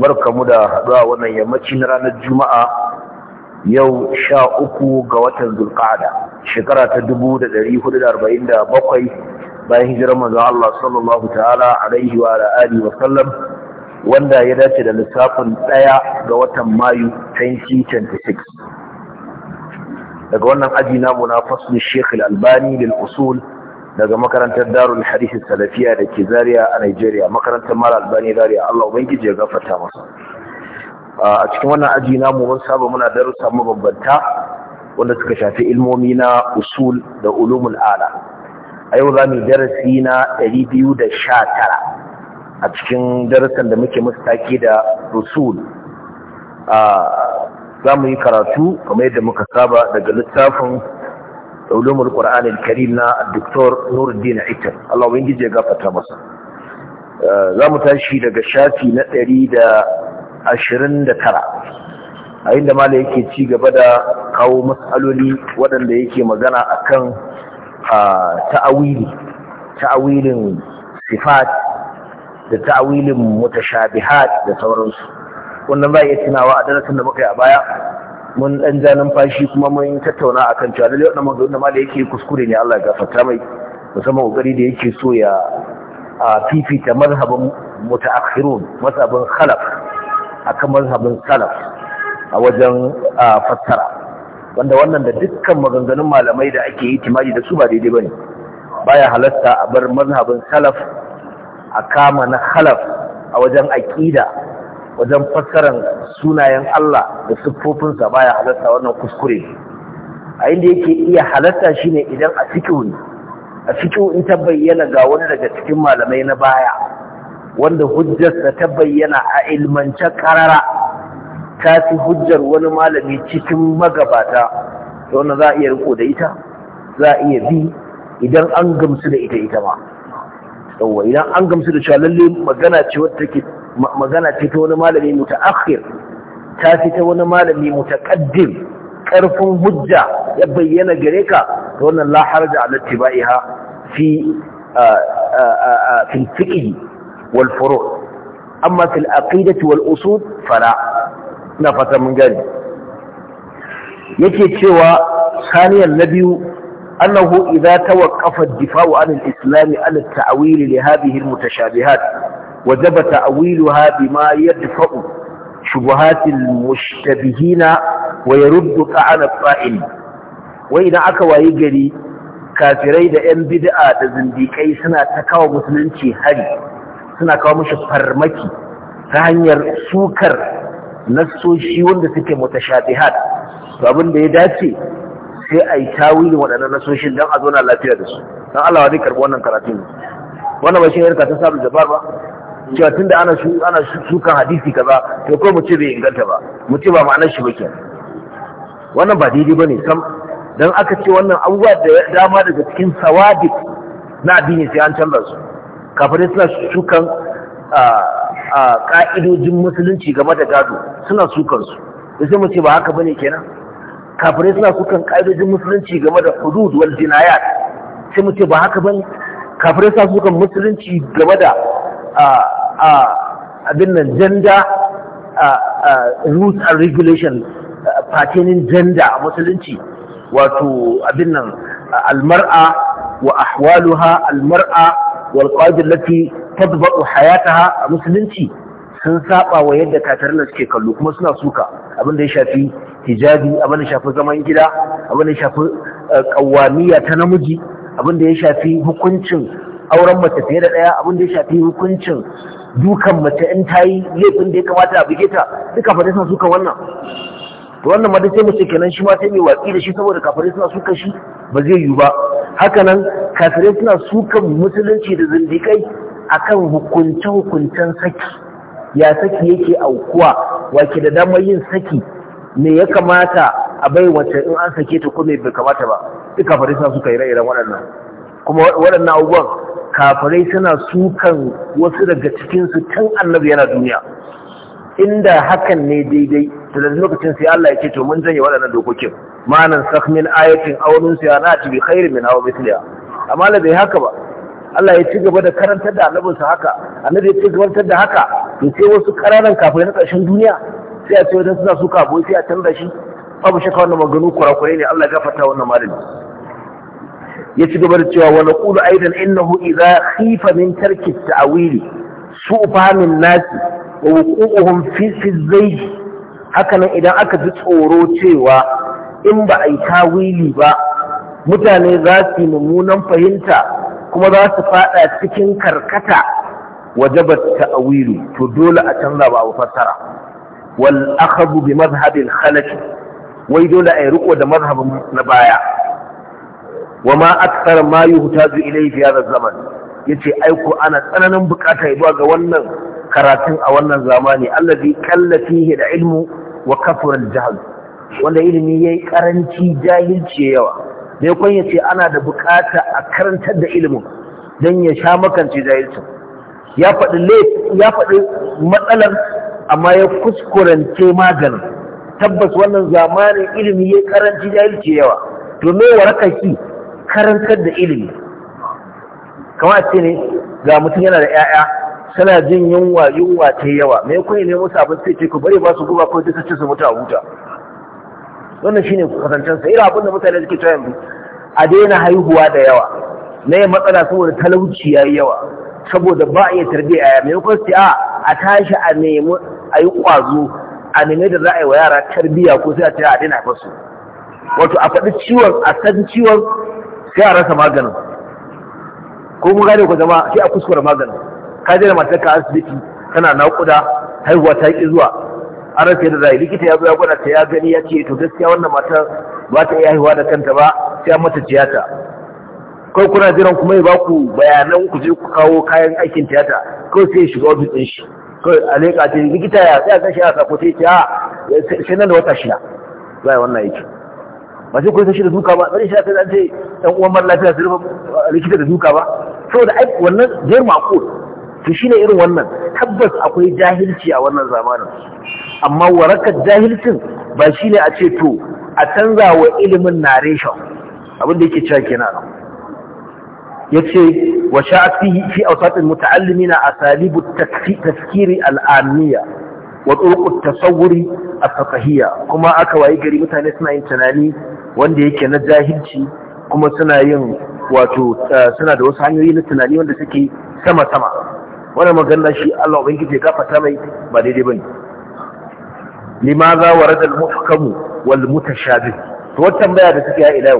barkamu da haɗuwa wannan yammacin ranar juma'a yau sha uku ga watan zulƙada shekara ta dubu da ɗari hudu da arba'in da bakwai bayan hijirar manzo Allah sallallahu ta'ala alaihi wa alihi wa sallam wanda ya dace da lissafin ɗaya ga watan mayu 2026 daga wannan aji namu na faslin shekul albani lil usul daga makarantar darul hadisi salafiya da ke zariya a nigeria makarantar mara albani zariya allah ubangiji ya gafarta masa a cikin wannan aji na mun saba muna darussa mabambanta wanda suka shafi ilmomi na usul da ulumul ala a yau za mu darasi na 219 a cikin darasan da muke mustaki da usul za mu yi karatu kamar yadda muka saba daga littafin da ulumul qur'an al-karim na Dr. Nuruddin Aitan Allah ubangiji ga gafarta masa eh, za mu tashi daga shafi na 129 a inda Malam yake ci gaba da kawo matsaloli waɗanda yake magana akan ta'awili ta'awilin sifat da ta'awilin mutashabihat da sauransu wannan za a iya tunawa a darasin da muka yi a baya mun dan ja numfashi kuma mun tattauna a kan cewa lalle waɗannan maganganun ma da yake kuskure ne Allah ya gafarta mai musamman ƙoƙari da yake so ya a fifita mazhabin mutaakhirun mazhabin khalaf akan mazhabin salaf a wajen fassara wanda wannan da dukkan maganganun malamai da ake yi timaji da su ba daidai bane baya halatta a bar mazhabin salaf a kama na khalaf a wajen aqida wajen fassarar sunayen Allah da siffofinsa baya halatta wannan kuskure a inda yake iya halatta shine idan a cikin ne a cikin in ta bayyana ga wani daga cikin malamai na baya wanda hujjarsa ta bayyana a ilmance karara ta fi hujjar wani malami cikin magabata da wannan za a iya riko da ita za a iya bi idan an gamsu da ita ita ma idan an gamsu da cewa lalle magana ce wadda take magana ce ta wani malami mutaakhir ta ce ta wani malami mutaqaddim karfin hujja ya bayyana gare ka to wannan la harja ala tibaiha fi fi fiqh wal furu' amma fil aqidati wal usul fala na fata mun gani yake cewa saniyan na biyu أنه إذا توقف الدفاع عن الإسلام على التأويل لهذه المتشابهات وجب تأويلها بما يدفع شبهات المشتبهين ويرد Wai idan aka wayi gari kafirai da 'yan bid'a da zindikai suna ta kawo musulunci hari suna kawo mashi farmaki ta hanyar sukar nassoshi wanda suke mutashabihat to abin da ya dace sai a yi tawilin waɗannan nassoshin don a zauna lafiya da su don Allah wani karɓi wannan karatun wannan ba shi ne ta sabu jabar ba cewa da ana ana shuka hadisi kaza to ko mu ce bai inganta ba mu ce ba ma'anar shi ba wannan ba daidai bane sam dan aka ce wannan abubuwa da dama daga cikin sawadik na addini sai an canza su kafirai suna shukan a ka'idojin musulunci game da gado suna sukan su da sai mu ce ba haka bane kenan kafirai suna sukan ka'idojin musulunci game da hudud wal jinayat sai mu ce ba haka bane kafirai suna sukan musulunci game da abin nan gender rules and regulations pertaining gender a musulunci wato abin nan almar'a wa ahwaluha almar'a wal qawaid allati tadbaqu hayataha a musulunci sun saba wa yadda katarina suke kallo kuma suna suka abin da ya shafi hijabi abin da shafi zaman gida abin da ya shafi kawamiya eh, ta namiji abin da ya shafi hukuncin auren mace fiye da ɗaya abin da ya shafi hukuncin dukan mace in ta yi laifin da ya kamata a buge ta duk kafare suna suka wannan to wannan ma sai mace kenan shi ma sai mai watsi da shi saboda kafare suna suka shi ba zai yiwu ba haka nan kafare suna sukan musulunci da zindikai akan hukunce hukuncen saki ya saki yake aukuwa wake da damar yin saki me ya kamata a bai wace in an sake ta kuma bai kamata ba duk kafare suna suka yi ire waɗannan kuma waɗannan abubuwan kafirai suna sukan wasu daga cikinsu tun annabi yana duniya inda hakan ne daidai da da lokacin sai Allah ya ce to mun janye waɗannan dokokin ma'anan sakmin ayatin ayatin sai ana na'ti bi khairin min aw mithliha amma la bai haka ba Allah ya ci gaba da karantar da annabin sa haka annabi ya ci gaba da haka to sai wasu kararan kafirai na ƙarshen duniya sai a ce wajen suna suka boye sai a canza shi babu shakka wannan maganu kurakurai ne Allah ya gafarta wannan malami ya ci gaba da cewa wani naqulu aidan innahu idza khifa min tarki at-ta'wili su'famin nasi wa wuqu'uhum fi fi zayj haka nan idan aka ji tsoro cewa in ba a yi tawili ba mutane za su yi mummunan fahimta kuma za su fada cikin karkata wajabat ta'wilu to dole a canza ba a fassara wal akhadhu bi madhhabil khalaf wai dole a yi riko da mazhabin na baya wa ma akthar ma yuhtaju ilayhi fi hadha zaman yace aiko ana tsananin bukata zuwa ga wannan karatun a wannan zamani allazi kalla da ilmu wa kafara al wanda ilimi yayi karanci jahilci yawa dai kun yace ana da bukata a karantar da ilimin dan ya sha makance jahilci ya ya faɗi matsalar amma ya kuskurance maganin tabbas wannan zamanin ilimi yayi karanci jahilci yawa to me warakaki karantar da ilimi kamar ce ne ga mutum yana da 'ya'ya suna jin yunwa yunwa ta yawa mai kuma ne musu abin sai ce ku bari ba su guba ko duka ce su mutu a huta wannan shine kasancen sa irin abin da mutane suke cewa yanzu a daina haihuwa da yawa na yi matsala saboda talauci ya yi yawa saboda ba a iya tarbiyya yaya mai kuma sai a tashi a nemi a yi kwazo a nemi da za a yi wa yara tarbiya ko sai a ce a daina haifarsu wato a faɗi ciwon a san ciwon sai a rasa maganin ko mun gane ku zama sai a kuskure maganin ka je da matarka asibiti tana naƙuda haihuwa ta ki zuwa an rasa yadda zai likita ya zo ya gwada ta ya gani ya ce to gaskiya wannan matar ba ta iya haihuwa da kanta ba sai a mata tiyata kai kuna jiran kuma ya ba ku bayanan ku je ku kawo kayan aikin tiyata kawai sai ya shiga ofis ɗin shi kawai a leƙa ce likita ya sai a a sako sai ce a sai nan da wata shida zai wannan yake ba sai kun san shi da duka ba bari shi ce uwan mara lafiya su rufe likita da duka ba saboda ai wannan jair maqul to ne irin wannan tabbas akwai jahilci a wannan zamanin amma warakar jahilcin ba shine a ce to a canza wa ilimin narration abin da yake cewa kenan yace wa sha'at fihi fi awsat na asalibu tafkiri al'amiya wa turuq at-tasawwuri as kuma aka wayi gari mutane suna yin tunani wanda yake na jahilci kuma suna yin wato eh, suna da wasu hanyoyi na tunani wanda suke sama-sama Wani magana shi Allah ubangiji ya gafarta mai ba daidai bane limaza warada al-muhkamu wal mutashabih to wata tambaya da suke ya ila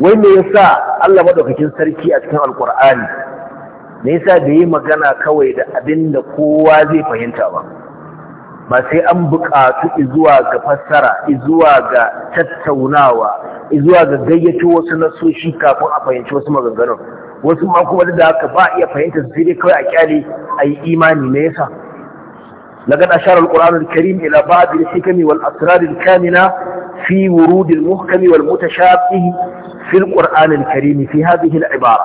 wai me yasa Allah madaukakin sarki a cikin alqur'ani me yasa da yi magana kawai da abin da kowa zai fahimta ba ba sai an buƙatu zuwa ga fassara zuwa ga tattaunawa izuwa ga gayyato wasu nasoshi kafin a fahimci wasu maganganun wasu ma kuma da haka ba iya fahimta su dai kawai a kyale a yi imani me yasa na gada sharar ƙuranar karim ila ba da shi wal asirarin kamina fi wurudin muhkami wal mutashaƙi fil ƙuranar karim fi hadihin ibara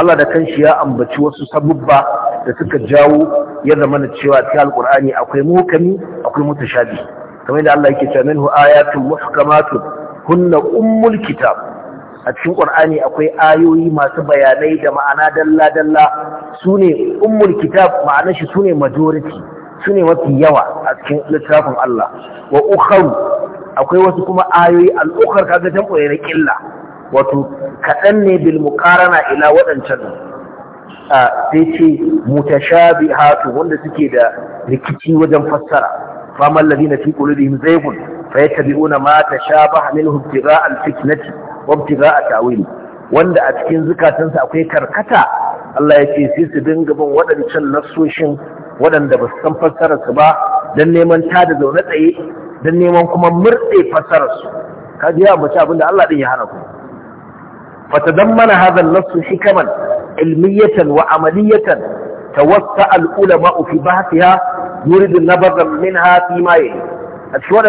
Allah da kanshi ya ambaci wasu sabubba da suka jawo ya zama da cewa cikin alkur'ani akwai muhkami akwai mutashabi kamar da Allah yake cewa minhu ayatun muhkamatun hunna ummul kitab a cikin qur'ani akwai ayoyi masu bayanai da ma'ana dalla dalla sune ummul kitab ma'anar shi sune majority sune mafi yawa a cikin littafin Allah wa akwai wasu kuma ayoyi al-ukhar kaga tamboye na killa wato kaɗan ne bil mukarana ila waɗancan a sai ce mutashabihatu wanda suke da rikici wajen fassara famal ladina fi qulubihim zaygun fayatabi'una ma tashabaha minhu ibtigha' al-fitnati wa a ta'wili wanda a cikin zukatansa akwai karkata Allah ya ce sai su dinga bin waɗancan nasoshin waɗanda ba su san fassararsu ba don neman tada zaune tsaye don neman kuma murɗe fassararsu kaji ya abin abinda Allah ɗin ya hana ku فتضمن هذا النص حكما علمية وعملية توسع العلماء في بحثها يريد النبذ منها فيما يلي أشوار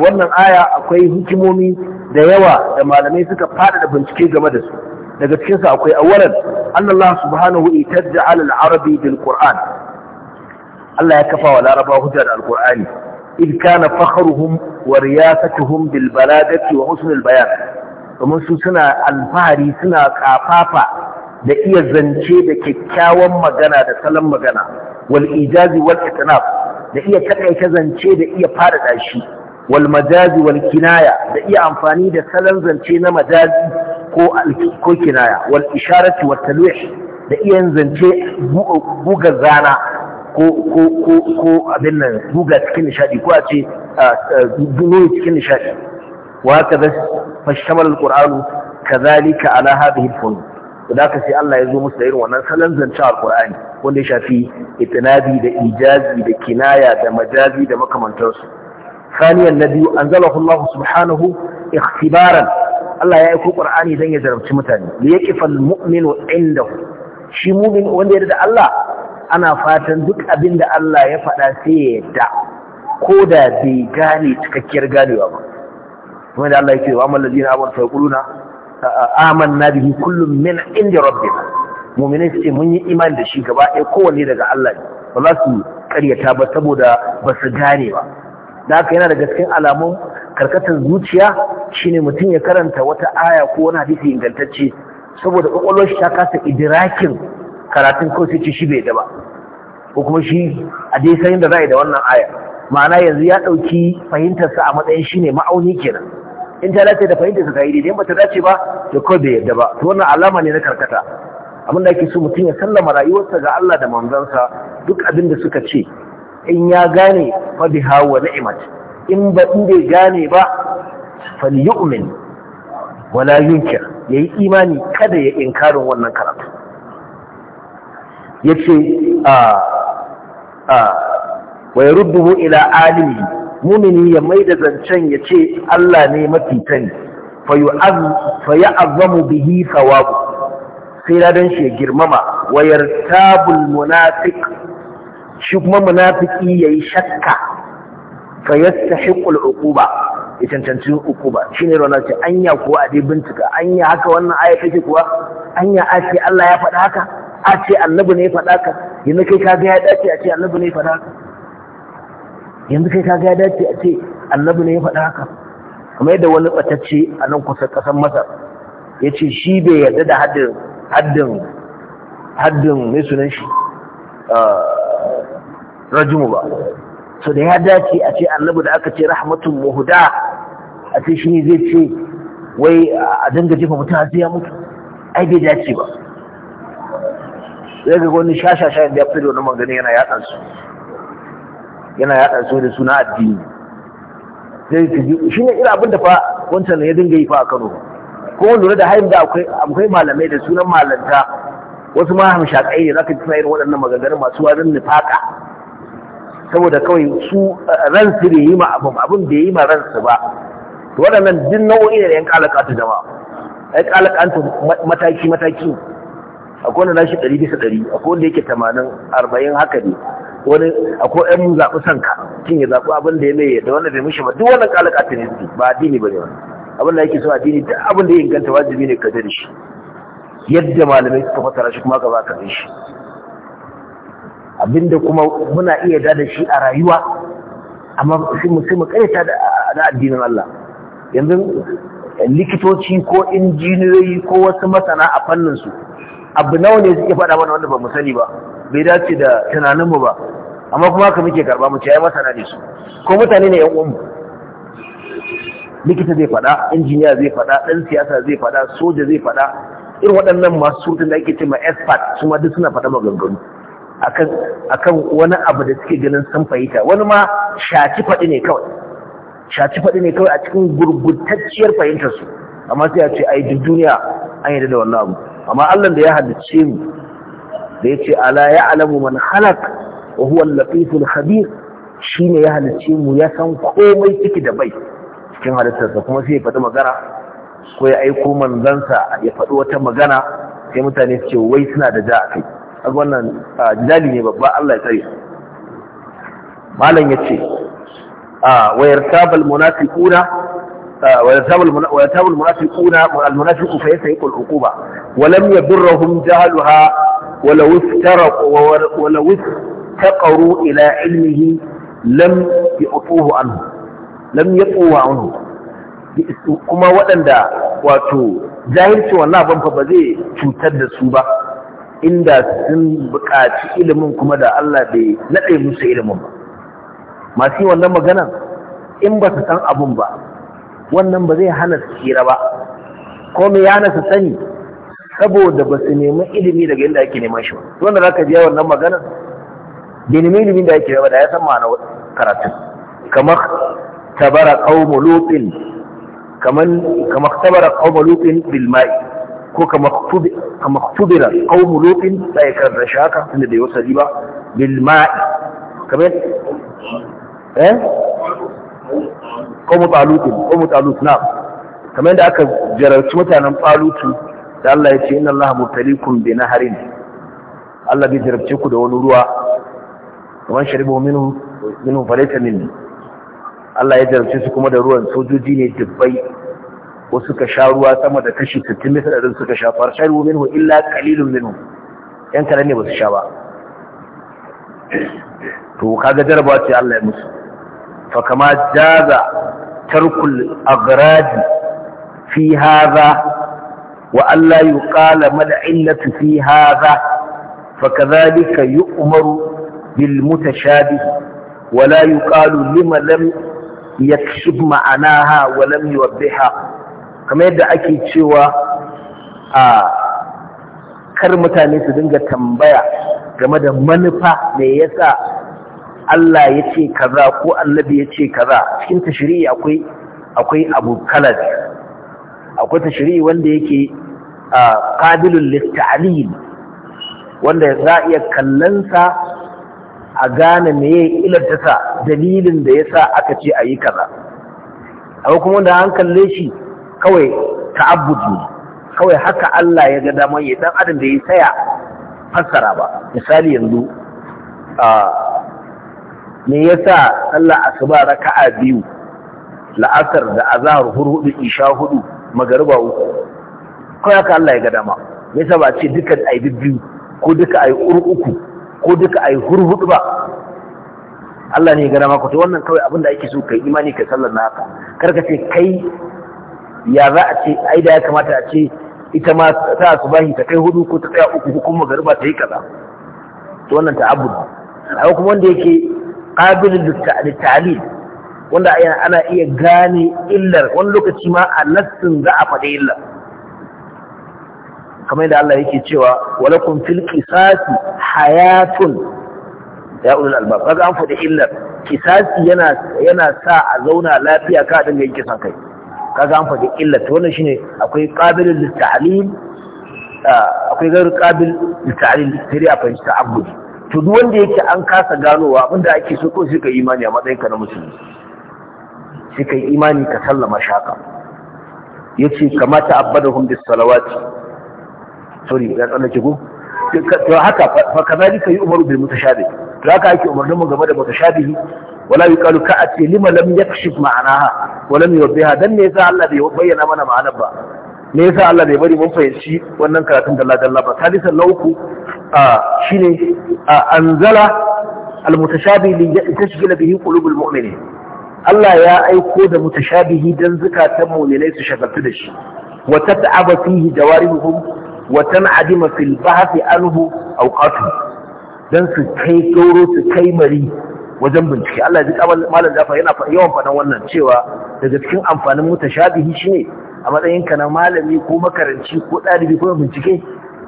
wannan aya akwai hikimomi da yawa da malamai suka fada bincike game da su daga cikinsu akwai awalan Allah subhanahu itadda ala arabi bil qur'an Allah ya kafa wa laraba hujja da al-qur'ani id kana fakhruhum wa riyasatuhum bil wa bayan domin su suna alfahari suna kafafa da iya zance da kyakkyawan magana da salon magana wal ijazi wal itinaf da iya takaita zance da iya fara shi wal majazi wal kinaya da iya amfani da salon zance na majazi ko ko kinaya wal isharati wat talwih da iya zance buga zana ko ko ko ko abin nan buga cikin nishadi ko a ce cikin nishadi وهكذا فشمل القرآن كذلك على ka sai Allah ya zo يزو da وانا سلن زنشاء القرآن wanda ya shafi itinabi da ijazi da kinaya da majazi da makamantarsu saniyan na biyu an zala Allah subhanahu ikhtibaran Allah ya aiko ƙur'ani dan ya jarabci mutane li yaqifa al-mu'minu indahu shi mu'min wanda ya yarda Allah ana fatan duk abin da Allah ya faɗa sai ya yarda ko da bai gane cikakkiyar ganewa ba kuma da Allah yake wa amal ladina amanu fa yaquluna amanna bihi kullum min inda rabbina mu'minai su mun yi imani da shi gaba ɗaya kowanne daga Allah ne ba za su karyata ba saboda ba su gane ba da haka yana da cikin alamun karkatar zuciya shine mutum ya karanta wata aya ko wani hadisi ingantacce saboda kwakwalwar shi ta kasa idirakin karatun ko sai shi bai da ba ko kuma shi a dai sayin da za da wannan aya ma'ana yanzu ya ɗauki fahimtarsa a matsayin shi ne ma'auni kenan in ta dace da fahimtar ta yi daidai ba ta dace ba to kawai bai yarda ba to wannan alama ne na karkata abin da ake so mutum ya sallama rayuwarsa ga Allah da manzansa duk abin da suka ce in ya gane fa biha wa ni'mat in ba in bai gane ba yu'min wala yunkir yayi imani kada ya inkarin wannan karatu yace a ah, a ah, wa yarudduhu ila alimi mumini ya mai da zancen ya ce Allah ne mafi tani. fa ya azamu bihi sawabu sai don shi ya girmama wayar tabul munafik shi kuma munafiki yayi shakka fa yastahiqul ukuba. ya cancanci shi ne rona ce anya ko a dai bincika anya haka wannan aya take kuwa anya a ce Allah ya faɗa haka a ce annabi ne ya faɗa haka yanzu kai ka ga ya dace a ce annabi ne ya faɗa haka yanzu kai ka ya dace a ce annabi ne ya faɗa haka kuma yadda wani ɓatacce a nan kusa ƙasar masar ya ce shi bai yarda da haddin haddin haddin mai sunan shi rajimu ba so da ya dace a ce annabi da aka ce rahmatun muhuda a ce shi zai ce wai a dinga jefa mutum har sai ya mutu ai bai dace ba zai ga wani shashasha da ya fito da wani yana yaɗansu yana yaɗa su da suna addini sai ka ji shi ne irin abin da fa wancan ya dinga yi fa a Kano ko lura da haim da akwai malamai da sunan malanta wasu ma kai ne zaka ji suna irin waɗannan maganganun masu warin nifaka saboda kawai su eh, ran su bai yi ma abin abin bai yi ma ran su ba to waɗannan duk nau'o'i ne da yan kalaka ta jama'a ai kalaka mataki mataki akwai wanda nashi ɗari bisa ɗari akwai wanda yake tamanin arba'in haka ne wani akwai yan zaɓi sanka kin ya zaɓi abin da ya mai da wanda bai mushi ba duk wannan kala ta ne ba addini ba ne wani abin da yake so addini duk abin da ya inganta wajibi ne ka da shi yadda malamai suka fasara shi kuma ka ba ka shi abinda kuma muna iya da da shi a rayuwa amma sai mu sai mu karyata da addinin Allah yanzu likitoci ko injiniyoyi ko wasu masana a fannin su abu nawa ne suke faɗa mana wanda ba mu sani ba bai dace da tunaninmu ba amma kuma haka muke karba mu ce ai masana ne su ko mutane ne yan uwanmu likita zai faɗa injiniya zai fada ɗan siyasa zai fada soja zai faɗa irin waɗannan masu surutun da ake ce ma expert su ma duk suna faɗa maganganu akan wani abu da suke ganin sun fahimta wani ma shaci faɗi ne kawai shaci faɗi ne kawai a cikin gurgurtacciyar fahimtar su amma sai a ce ai duk duniya an yarda da wannan abu amma Allah da ya halicce mu da ya ce ala ya alamu man halak wa huwa latiful khabir shine ya halicce mu ya san komai ciki da bai cikin halittarsa kuma sai ya faɗi magana ko ya aiko manzansa ya faɗi wata magana sai mutane su ce wai suna da da a kai a wannan jidali ne babba Allah ya tsare malam ya ce a wayar tabal munafiquna ويتاب المنافقون المنافق فيستحق العقوبة ولم يضرهم جهلها ولو افترقوا ولو افتقروا إلى علمه لم يقطوه عنه kuma waɗanda wato jahilci wannan abin fa ba zai cutar da su ba inda sun buƙaci ilimin kuma da Allah bai naɗe musu ilimin ba masu yi wannan magana in ba su san abin ba wannan ba zai hana su hira ba ko me ya hana su sani saboda ba su nemi ilimi daga inda ake neman shi ba wanda za ka biya wannan magana bai nemi ilimi da ake ba da ya san ma'ana karatun kamar tabara qaumu lufin kamar tabara qaumu lutin bilma'i ko kamar kamar tubira qaumu lutin sai kan da shaka tunda bai wasa ba bilma'i ma'i kamar eh qaumu talutin qaumu talut na kamar yadda aka jararci mutanen talutu da Allah ya ce inna Allah mubtalikum bi nahrin Allah bai jarabce ku da wani ruwa kamar sharibu minhu minhu falaita minni Allah ya jarabce su kuma da ruwan sojoji ne dubbai wasu suka sha ruwa sama da kashi 60 misalin suka sha far sharibu minhu illa qalilun minhu yan kalan ne ba su sha ba to kaga jarabawa ce Allah ya musu fa kama jaza tarkul agradi fi hadha وألا يقال ما العلة في هذا فكذلك يؤمر بالمتشابه ولا يقال لما لم يكشف معناها Kama يوضحها كما يدعى أكي تشوى kar mutane su dinga tambaya game da manufa me yasa Allah ya ce kaza ko annabi ya ce kaza cikin tashiri akwai akwai abu kalar akwai tashiri wanda yake qabilul litta'lim wanda za a iya kallansa a gane meye ilar ta dalilin da yasa aka ce ayi kaza akwai kuma da an shi kawai ta'abbudi kawai haka Allah ya ga damar ya dan adam da ya saya fassara ba misali yanzu me yasa sallar asuba raka'a biyu la'asar da azhar hudu isha hudu magariba uku kawai haka Allah ya ga dama me yasa ba ce duka ai biyu? ko duka ai uku ko duka ai hurhudu ba Allah ne ya ga dama ko to wannan kawai abin da ake so kai imani kai sallar na haka kar ka ce kai ya za a ce ai da ya kamata a ce ita ma ta subahi ta kai hudu ko ta kai uku kuma magariba ta yi kaza to wannan ta'abbud ai kuma wanda yake qabil ta'lil wanda ana iya gane illar wani lokaci ma a nassin za a faɗi illar kamar da Allah yake cewa walakum fil qisasi hayatun ya ulul albab kaga an faɗi illar qisasi yana yana sa a zauna lafiya ka dinga yin kisan kai kaga an faɗi illar to wannan shine akwai qabilul litta'lil akwai gairu qabil litta'lil sai a fahimci ta'abbud to duk wanda yake an kasa ganowa abinda ake so ko shi ka imani a matsayin ka na musulmi Shi ka imani ka sallama shaka yace kamata abadahum bis salawati sorry ya tsallake ko to haka fa kazalika yu'maru bil mutashabih to haka ake umarnin mu game da mutashabih wala yuqalu ka ati lima lam yakshif ma'anaha wa lam yubiha dan ne yasa Allah bai bayyana mana ma'anar ba ne yasa Allah bai bari mun fahimci wannan karatun dalla dalla ba uku. lauku shine anzala al mutashabih li tashghila bihi qulubul mu'minin Allah ya aiko da mutashabihi dan zukatan mu'minai su shagaltu da shi wa tat'aba fihi jawarihuhum wa adima fil bahthi anhu awqatu dan su kai gauro su kai mari wajen bincike Allah ya ji kamar malam fa yana yawan faɗan wannan cewa daga cikin amfanin mutashabihi shine a matsayin ka na malami ko makaranci ko ɗalibi ko bincike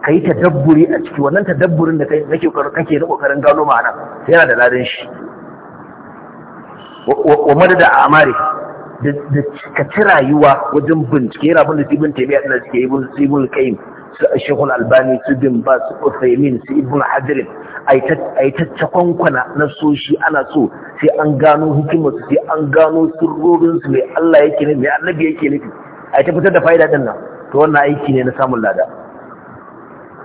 ka yi tadabburi a ciki wannan tadabburin da kake kake na kokarin gano ma'ana yana da ladan shi wa madada a amare da ka ci rayuwa wajen bincike yana bin da ibn tabi'a din da suke bin ibn qayyim Sheikh Al-Albani su bin ba su Uthaymeen su Ibn Hajar ai ta kwankwana na soshi ana so sai an gano hukumarsu sai an gano sirrorin su mai Allah yake nufi mai Annabi yake nufi ai ta fitar da fa'ida din nan to wannan aiki ne na samun lada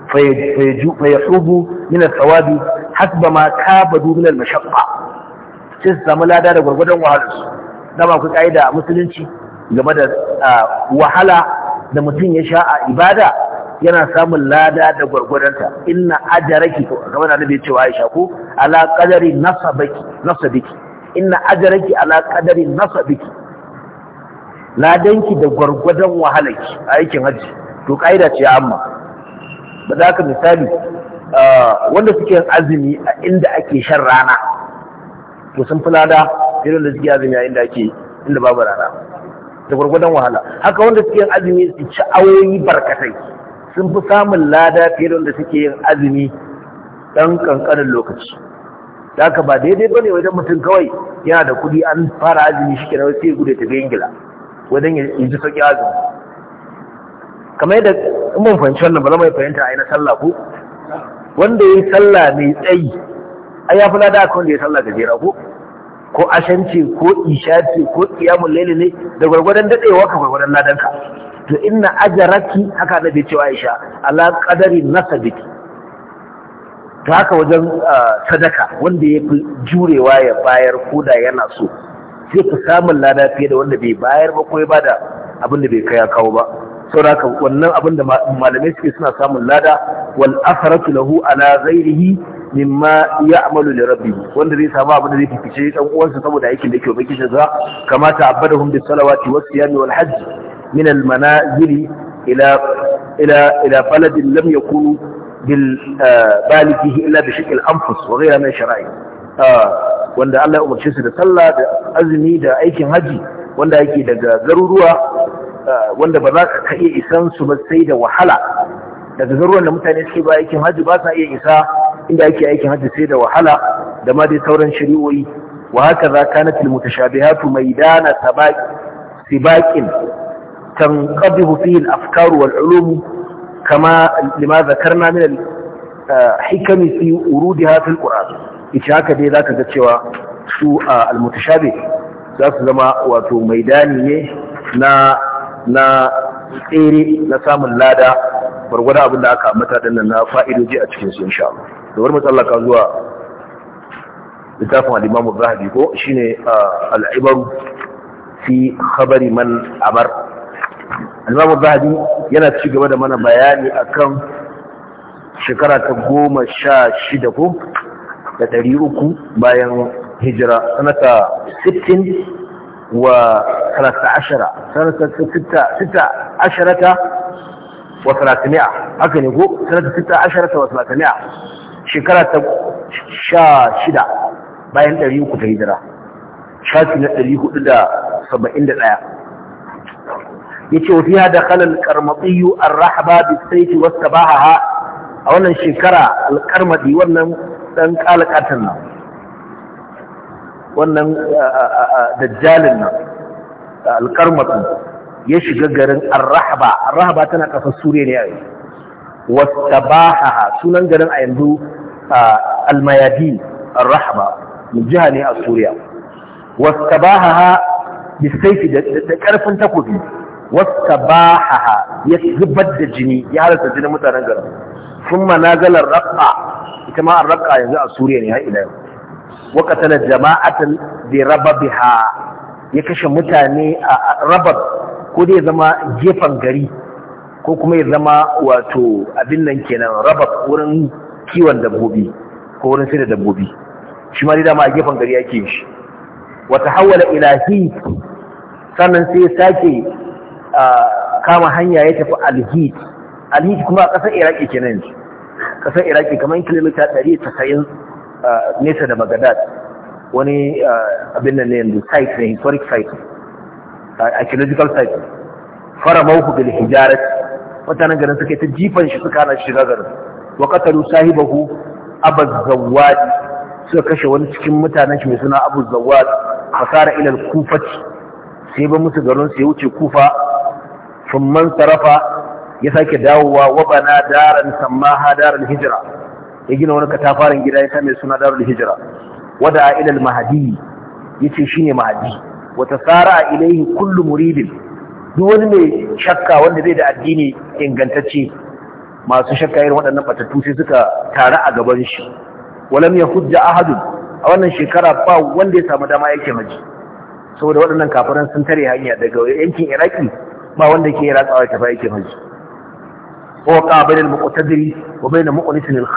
fa yahubu min al hasba ma kabadu ba al-mashaqqa sai su samu lada da gwargwadon wahalarsu dama ku a musulunci game da ah, wahala da mutum ya sha a ibada yana samun lada da gwargwadonta inna ajaraki kamar da annabi cewa Aisha ko ala qadari nasabiki nasabiki inna ajaraki ala qadari nasabiki ladanki da gwargwadon wahalaki a aikin hajji to kaida ce amma ba za ka misali wanda suke azumi a inda ake shan rana to sun fi lada irin da suke azumi a inda ake inda babu rana da gwargwadon wahala haka wanda suke yin azumi su ci awoyi barkatai sun fi samun lada fiye da wanda suke yin azumi ɗan ƙanƙanin lokaci da haka ba daidai ba ne wajen mutum kawai yana da kuɗi an fara azumi shi kenan sai gudu tafi gila wajen yin ji sauƙi azumi kamar yadda in mun fahimci wannan ba zama ya fahimta a yi na sallah ko wanda ya yi sallah mai tsayi ai ya fi lada a kan da ya sallah gajera ko ko ashanci ko ishace ko kiyamun lele ne da gwargwadon daɗewa ka gwargwadon ladanka to inna ajaraki haka da bai cewa Aisha ala qadari nasabiki ta haka wajen sadaka wanda ya fi jurewa ya bayar koda yana so sai ku samun lada fiye da wanda bai bayar ba ko ya bada abin da bai kai kawo ba haka wannan abin da malamai suke suna samun lada wal asaratu lahu ala ghairihi mimma ya'malu li rabbih wanda zai samu abin da zai fifice dan uwansa saboda aikin da yake bakin za kamata abadahum bis salawati was siyami wal hajj من المنازل إلى إلى إلى بلد لم يكون بالبال فيه إلا بشكل أنفس وغيرها من الشرائع wanda Allah ya umarce su da sallah da azumi da aikin haji wanda yake daga garuruwa wanda ba za ka iya isan su ba sai da wahala daga garuruwan da mutane suke ba aikin haji ba sa iya isa inda ake aikin haji sai da wahala da ma dai sauran shari'o'i wa haka za kanat al mutashabihatu maidana sabaq sibaqin تنقبض فيه الأفكار والعلوم كما لما ذكرنا من الحكم في ورودها في القرآن إتشاك دي ذاك ذاتشوى سوء المتشابه ذات زما واتو ميداني نا نا tsere na samun lada gwargwada abin da aka mata dannan na fa'idoji a cikin insha Allah. Da zuwa littafin al'imamu zahabi ko shine ne fi habari man alimamu zahabi yana ci gaba da mana bayani akan shekara ta goma sha shida ko da ɗari uku bayan hijira sanata 60 wa salata ashara sanata sita asharata wa salatami'a haka ne ko sanata sita asharata wa salatami'a shekara ta sha shida bayan ɗari uku ta hijira shafi na ɗari hudu da saba'in da ɗaya yace wa fiha dakhala al-qarmati ar-rahba bis-sayf was-sabaha a wannan shekara al-qarmati wannan dan kalakatan nan wannan dajjalin nan al-qarmati ya shiga garin ar-rahba ar-rahba tana kasar suriya ne yayi was-sabaha sunan garin a yanzu al-mayadin ar-rahba jiha ne a suriya was-sabaha bisaifi da karfin takobi wasta ba ya zubar da jini ya halatta jinin mutanen garin sun managalar raƙa ita ma'an raƙa yanzu a suriya ne har ila yau wakatala jama'atan raba biha ya kashe mutane a rabab ko dai zama gefen gari ko kuma ya zama wato abin nan kenan rabab wurin kiwon dabbobi ko wurin sai da dabbobi shi ma dai dama a gefen gari ake shi wata hawala ilahi sannan sai ya sake kama hanya ya tafi alhid alhid kuma a iraki kenan kasar iraki kamar kilomita 190 nesa da magadat wani abin nan ne yanzu site ne historic site archaeological site fara mawuku da hijarar mutanen garin suka ta jifan shi suka hana shiga garin wa qatalu sahibahu abu zawad suka kashe wani cikin mutanen shi mai suna abu zawad fasara ila al-kufati sai ba musu garin su ya wuce kufa tumman Sarafa ya sake dawowa wabana darar samaha darar hijira ya gina wani katafarin gida ya mai suna darar hijira wada ilal mahadi ya ce shi ne mahadi wata tsara a ilayin kullum ribin. duk wani mai shakka wanda zai da addini ingantacce masu shakka irin waɗannan batattu sai suka tare a gaban shi walam ya hujja ahadun a wannan shekara ba wanda ya samu dama yake maji saboda waɗannan kafiran sun tare hanya daga yankin iraki ba wanda ke ratsawa ta bai kin haji ko qabil al-muqtadiri wa bain muqnis al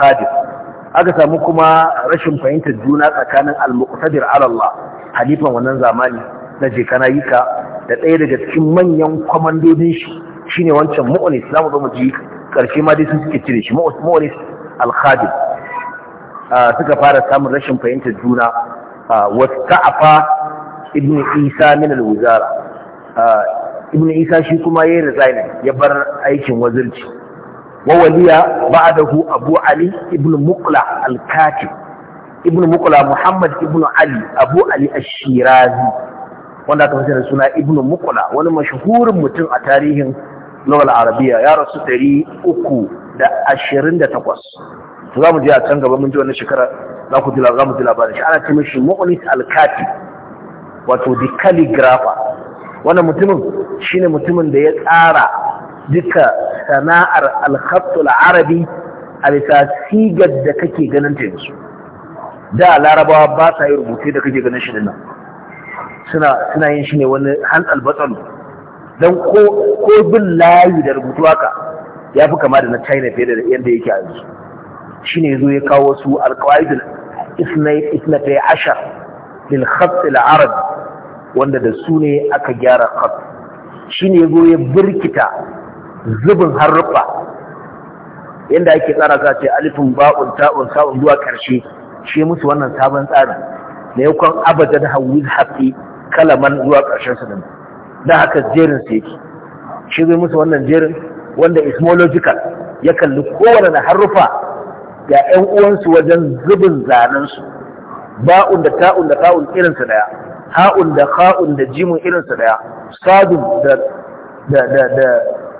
aka samu kuma rashin fahimtar juna tsakanin al-muqtadir Allah halifan wannan zamani na je yika da ɗaya daga cikin manyan kwamandodin shi ne wancan mu'unis zamu zo mu ji ƙarshe ma dai sun suke cire shi mu'unis al suka fara samun rashin fahimtar juna wasta'afa ibn isa min al ibn isa shi kuma yi resign ya bar aikin wazirci wa waliya ba'dahu abu ali ibn muqla al-katib ibn muqla muhammad ibn ali abu ali ash-shirazi wanda aka fasara suna ibn muqla wani mashhurin mutum a tarihin lugal arabiya ya rasu 328 Za mu je a can gaba mun ji wannan shekara za ku ji labarin shi ana ce mishi muqlis al-katib wato the calligrapher wannan mutumin shine mutumin da ya tsara duka sana'ar alkhattul arabi a bisa sigar da kake ganin ta yanzu da larabawa ba sa yi rubutu da kake ganin shi nan suna yin shi ne wani hantsal batsalo don ko bin layi da rubutu haka ya fi kama da na china fiye da yadda yake a yanzu shi ne zo ya kawo su alkawaidul isnai ashar lil khatt arabi wanda da su ne aka gyara kaf shi ne zo ya birkita zubin haruffa yadda ake tsara za ce alifin ba'un ta'un sa'un zuwa ƙarshe shi musu wannan sabon tsarin na yakon abadan hawi hafi kalaman zuwa ƙarshen su da haka jerin su yake shi zai musu wannan jerin wanda ismological ya kalli kowane na haruffa ga 'yan uwansu wajen zubin zanensu ba'un da ta'un da ta'un irinsu daya ha'un da ha'un da jimun irinsa daya sadun da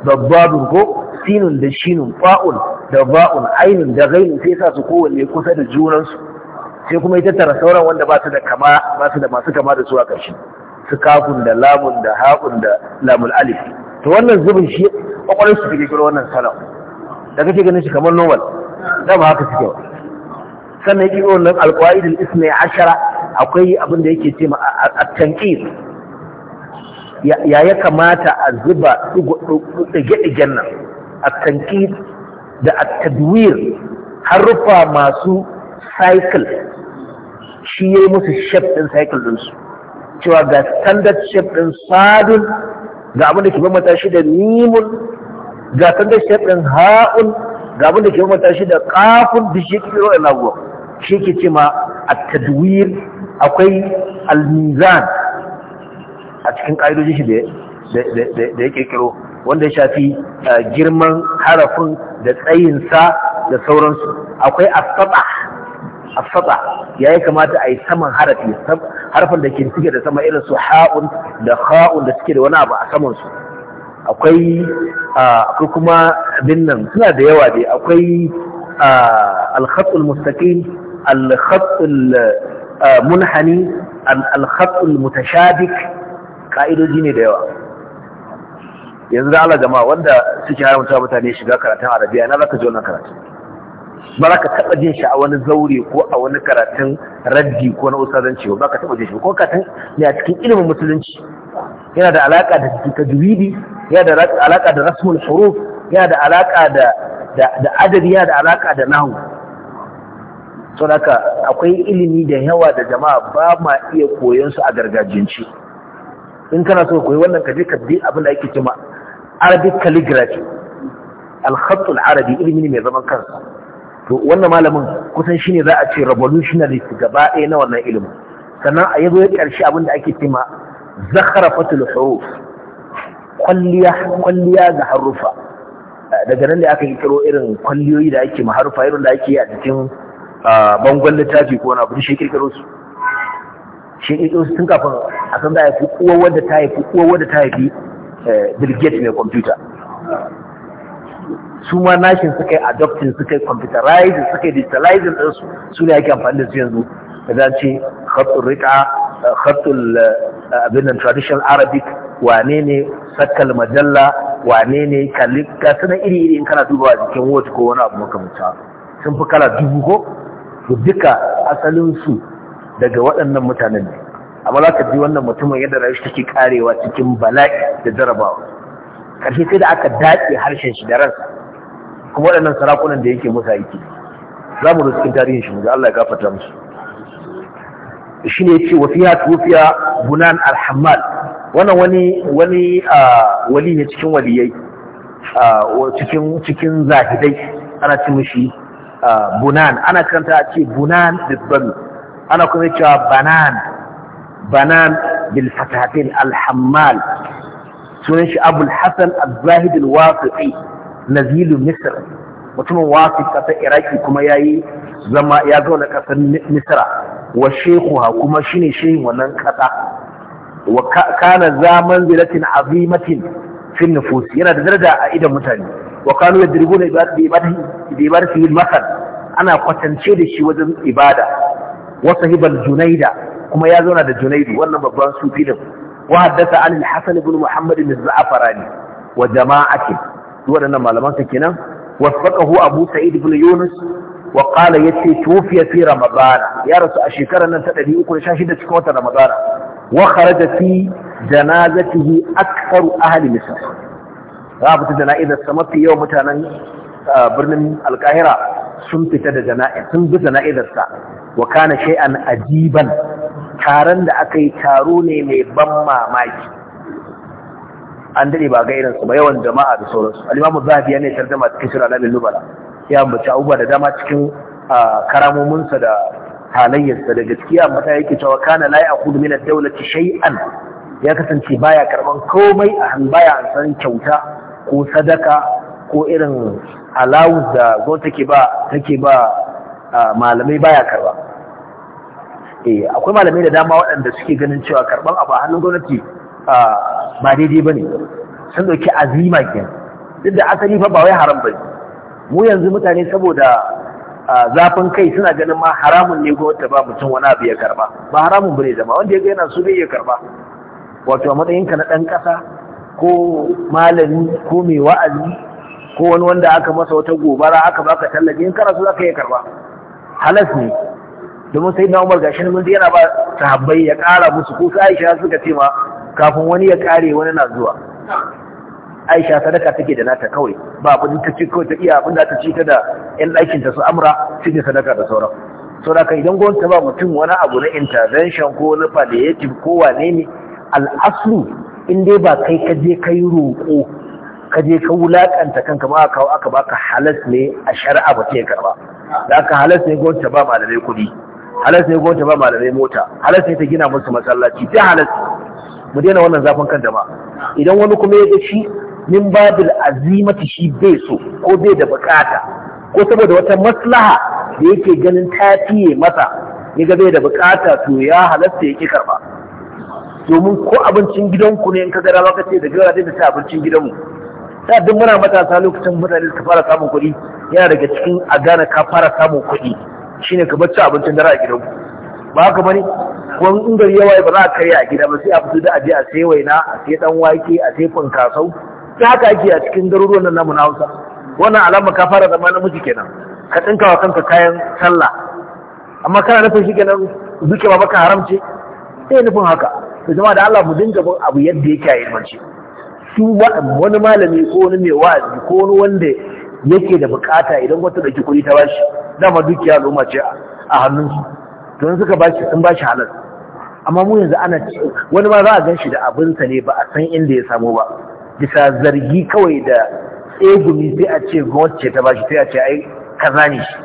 da ko sinin da shinin, fa'un da ba'un ainun da ghainun sai sa su kowanne kusa da junansu sai kuma ita tara sauran wanda ba su da masu kama da su a ƙarshe su kafun da lamun da ha'un da lamun alif to wannan zubin shi kwakwalwar su take kira wannan salam da kake ganin shi kamar normal Dama haka suke ba sannan yake wannan alqaidul isna ashara akwai abin da yake ce a tanƙir ya ya kamata a zuba ɗage-ɗagen nan a tanƙir da a tadwir haruffa masu cycle shi ya yi musu shape ɗin cycle ɗinsu cewa ga standard shape ɗin sadun ga abin da ke mamata shi da nimun ga standard shape ɗin ha'un ga abin da ke mamata shi da ƙafun da shi ke da shi ke ce ma a tadwir akwai almizan a cikin ƙa'idojin shi da ya ƙirƙiro wanda ya shafi girman harafin da tsayinsa da sauransu akwai asaba ya yi kamata a yi saman harafi harafin da ke suke da sama irin su ha'un da ha'un da suke da wani abu a samansu akwai kuma abin nan suna da yawa dai akwai alkhatsul mustaqim alkhatsul munhani al-khatul mutashabik ka'idoji ne da yawa yanzu da ala jama'a wanda suke haramta mutane shiga karatun arabiya na zaka ji wannan karatu ba za ka taɓa jin shi a wani zaure ko a wani karatun raddi ko na ustazanci ba ka taɓa jin shi ko karatun ne a cikin ilimin musulunci yana da alaƙa da tajwidi yana da alaƙa da rasmul huruf yana da alaƙa da da adabi yana da alaƙa da nahwu sau haka akwai ilimi da yawa da jama'a ba ma iya koyon su a gargajiyanci in kana so koyi wannan kaje ka bi abin da ake cewa arabic calligraphy al arabi ilimi ne mai zaman kansa to wannan malamin kusan shine za a ce revolutionary gaba ɗaya na wannan ilimin sannan a yazo ya karshe abin da ake cewa zakharafatul huruf kwalliya kwalliya ga harufa daga nan da aka yi kiro irin kwalliyoyi da ake maharufa irin da ake yi a cikin bangon littafi ko wani abu shi kirkiro su shi kirkiro su tun kafin a san za fi uwar wadda ta haifi uwar wadda ta haifi eh, bill gates mai kwamfuta su ma nashin su kai adoptin su kai computerizing su kai digitalizing ɗin su su ne ake amfani da su yanzu da za ce khatul rika eh, khatul eh, abin nan traditional arabic wane ne sakal majalla wane ne kalli ga iri iri in kana dubawa jikin wata ko wani abu makamanta sun fi kala dubu ko su duka asalinsu daga waɗannan mutanen ne amma za ka ji wannan mutumin yadda rayu take karewa cikin bala'i da jarabawa ƙarshe sai da aka dace harshen shi da ransa kuma waɗannan sarakunan da yake musa aiki za mu cikin tarihin shi da Allah ya gafarta musu shi ne ce wa fiya tufiya bunan alhammal wannan wani wani wali ne cikin waliyai cikin cikin zahidai ana ci mishi bunan ana karanta a ce bunan bisbami ana kuma cewa banan banan bil fatatin alhammal sunan shi abul hasan al-zahid nazilu misr mutumin wafi kasar iraki kuma yayi zama ya zauna kasar misra wa shekuha kuma shine shehin wannan kasa wa kana zaman zilatin azimatin fi nufus yana da daraja a idan mutane wa kanu yadribuna bi ibadatihi al-masal ana kwatance da shi wajen ibada wa sahibal junaida kuma ya zauna da junaidu wannan babban sufi din wa haddatha an al-hasan ibn muhammad ibn za'farani wa jama'ati wadannan malaman sa kenan wasaqahu abu sa'id ibn yunus wa qala yace tufiya fi ramadan ya rasu a shekarar nan ta 316 cikin watan ramadan wa kharaja fi janazatihi aktharu ahli misr za a fita sa, mafi yawan mutanen birnin alkahira sun fita da jana'izar sun bi jana'izarsa wa kana shay'an ajiban taron da aka yi taro ne mai ban mamaki an dade ba ga irinsu ba yawan jama'a da sauransu alimamu imamu zahabi ya ne tarjama cikin shirar alamin lubala ya ambaci abubuwa da dama cikin karamominsa da halayyarsa da gaskiya mata yake cewa kana layi a kudu minar dawlati shay'an ya kasance baya karban komai a hannun baya an san kyauta ko sadaka ko irin allowance da zo ke ba take ba malamai baya karba eh, akwai malamai da dama waɗanda suke ganin cewa karban abu a hannun gwamnati ba daidai ba ne. sun dauki azima kenan duk da asali fa ba wai haram ba mu yanzu mutane saboda zafin kai suna ganin ma haramun ne gwamnati ba mutum wani abu ya karba ba haramun bane zama wanda ya ga yana su bai ya karba wato a matsayinka na ɗan ƙasa ko malami ko mai wa'azi ko wani wanda aka masa wata gobara aka baka tallafi in karasu so yi karba halas ne domin sai na Umar gashin mun yana ba sahabbai ya kara musu ko sai Aisha suka ce ma kafin wani ya kare wani na zuwa Aisha sadaka take da nata kawai ba abin ta ci kawai ta iya abin da ta ci ta da 'yan ɗakin ta su amra cikin sadaka da sauran saboda idan gwamnati ta ba mutum wani abu na intervention ko na palliative ko wane ne al'aslu in dai ba kai ka je kai roƙo ka je ka wulaƙanta kanka ma aka aka baka halas ne a shari'a ba ta karba da aka halas ne gwamnati ta ba malamai kuɗi halas ne gwamnati ta ba malamai mota halas ne ta gina musu masallaci ta halas mu daina wannan zafin kan jama'a idan wani kuma ya ga min babil azimati shi bai so ko bai da bukata ko saboda wata maslaha da yake ganin ta fiye masa ya ga bai da bukata to ya halasta ya ki karba domin ko abincin gidanku ne in ka gara maka ce da gara da ta abincin gidanmu ta duk muna matasa lokacin mutane ka fara samun kuɗi yana daga cikin a gane ka fara samun kuɗi shine ka bacci abincin dare a gidanku ba haka bane wani in gari yawa ba za a karya a gida ba sai a fito da aje a sai waina a sai dan wake a sai funkasau ta haka ake a cikin garuruwan nan namu na Hausa wannan alama ka fara zama namiji kenan ka ɗinka wa kanka kayan sallah amma kana nufin shi kenan zuke ba maka haramce sai nufin haka su zama da Allah mu dinga bin abu yadda yake a ilmance su wani malami ko wani mai wa'azi ko wani wanda yake da bukata idan wata dauki kuɗi ta bashi dama dukiya al'umma ce a hannunsu to yanzu suka bashi sun bashi halal amma mu yanzu ana wani ma za a gan shi da sa ne ba a san inda ya samu ba bisa zargi kawai da tsegumi sai a ce gwamnati ce ta bashi sai a ce ai kaza ne shi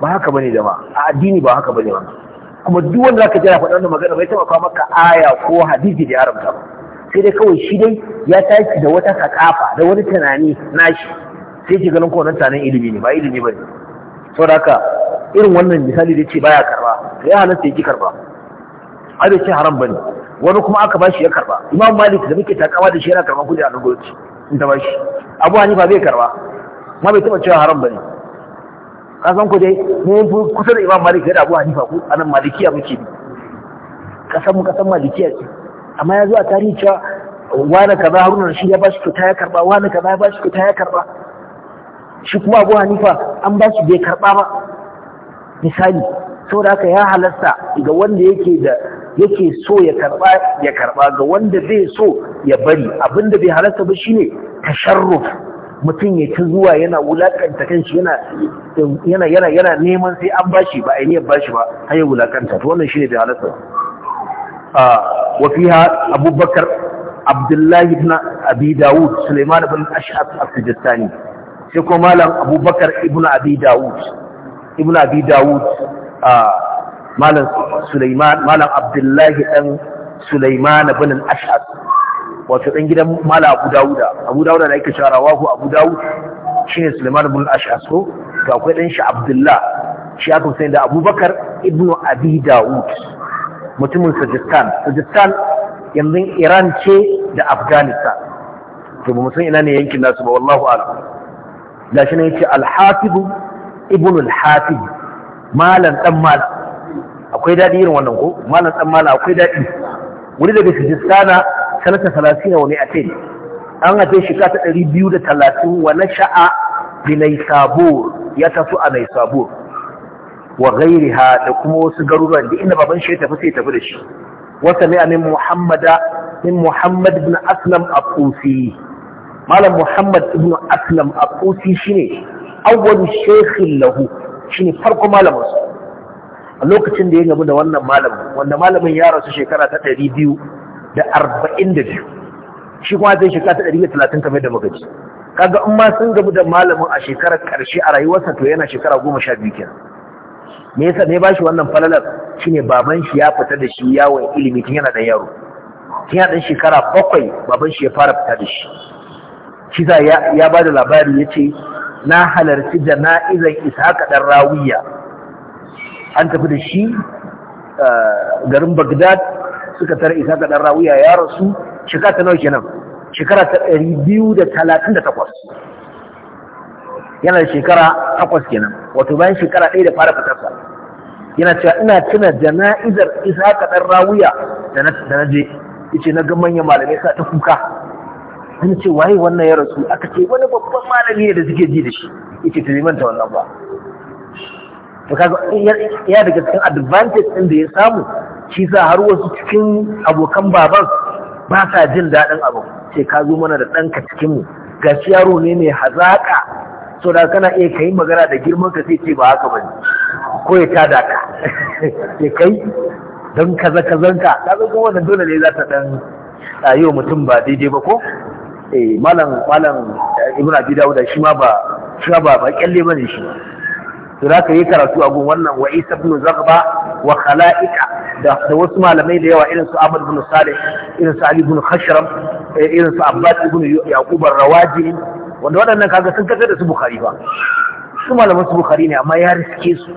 ba haka bane da ma a addini ba haka bane wannan kuma duk wanda zaka jira faɗa wannan magana bai taɓa kawo maka aya ko hadisi da haramta ba sai dai kawai shi dai ya tashi da wata sakafa da wani tunani nashi sai ke ganin kowane tunanin ilimi ne ba ilimi ba ne saboda haka irin wannan misali da ce baya karba ya halatta yake karba a da ce haram bane wani kuma aka bashi ya karba imam malik da muke takawa da shi yana karba kudi a nan in ta bashi abu hanifa zai karba ma bai taɓa cewa haram bane Kasan ku dai mun fi kusa da imam malik da abu hanifa ku anan malikiya muke bi kasan mu kasan malikiya ce amma ya zo a tarihi cewa wani kaza haruna shi ya bashi kyauta ya karba wani kaza ya bashi kyauta ya karba shi kuma abu hanifa an bashi bai karba ba misali saboda haka ya halasta ga wanda yake da yake so ya karba ya karba ga wanda zai so ya bari abinda bai halasta ba shine tasharruf mutum ya ci zuwa yana wulakanta kanshi yana yana yana yana neman sai an bashi ba ainihin bashi ba har ya wulakanta to wannan shine bai halatta ah wa fiha abubakar abdullahi ibn abi daud sulaiman ibn ash'ab as-sijistani sai kuma malam abubakar ibn abi daud ibn abi daud ah malam sulaiman malam abdullahi dan sulaiman ibn al-ash'ab wato dan gidan mala abu dawuda abu dawuda da yake shara wahu abu dawud shine suleiman ibn al to akwai ɗan shi abdullah shi aka sai da abubakar ibn abi dawud mutumin sajistan sajistan yanzu iran ce da afghanistan to ba mu san ina ne yankin nasu ba wallahu a'lam gashi ne yace al ibn al malan dan akwai dadi irin wannan ko malan dan malan akwai dadi wuri daga sajistana sanata salasina wa mi'atin an haife shekara ta ɗari biyu da talatin wani na sha'a bi naisabur ya taso a nai naisabur wa gairiha da kuma wasu garuruwan da ina baban shi ya tafi sai tafi da shi wata ne min muhammada min muhammad ibn aslam a aqusi malam muhammad ibn aslam a shi ne, Awon shaykhin lahu shine farko malamin su a lokacin da ya gamu da wannan malamin wanda malamin ya rasu shekara ta ɗari biyu da arba'in da biyu shi kuma zai shekara ta ɗari da talatin kamar da muka kaga in ma sun gabu da malamin a shekarar ƙarshe a rayuwarsa to yana shekara goma sha biyu kenan me yasa ne bashi wannan falalar Shi ne baban shi ya fita da shi yawon ilimi tun yana ɗan yaro tun yana ɗan shekara bakwai baban shi ya fara fita da shi shi za ya ba da labari ya ce na halarci da na jana'izar ishaƙa ɗan rawiya an tafi da shi eh, garin bagdad suka tara isa ga ɗarrawuya ya rasu shekara ta nawa kenan shekara ta ɗari biyu da talatin da takwas yana da shekara takwas kenan wato bayan shekara ɗaya da fara fitarsa yana cewa ina tuna jana'izar isa ga ɗarrawuya da na je ice na ga manyan malamai sa ta kuka an ce waye wannan ya rasu aka ce wani babban malami ne da suke ji da shi ice ta neman ta wannan ba ya daga cikin advantage ɗin da ya samu shi sa har wasu cikin abokan baban ba sa jin daɗin abu ce ka zo mana da ɗanka cikinmu ga shi yaro ne mai hazaƙa so da kana iya kai magana da girman ka sai ce ba haka bane ko ya tada ka ce kai don kaza kazan ka ka zo kuma wannan dole ne za ta dan yi mutum ba daidai ba ko eh malam malam eh, ibnu abi dawud shi ma ba shi ba ba kyalle bane shi to da ka yi karatu a gun wannan wa isa ibn zagba wa khalaika da wasu malamai da yawa irin su Ahmad ibn Salih irin su Ali ibn Khashram eh, irin su Abbas ibn Yaqub ar-Rawaji wanda waɗannan kaga sun kaga da su Bukhari ba su malaman su Bukhari ne amma ya riske su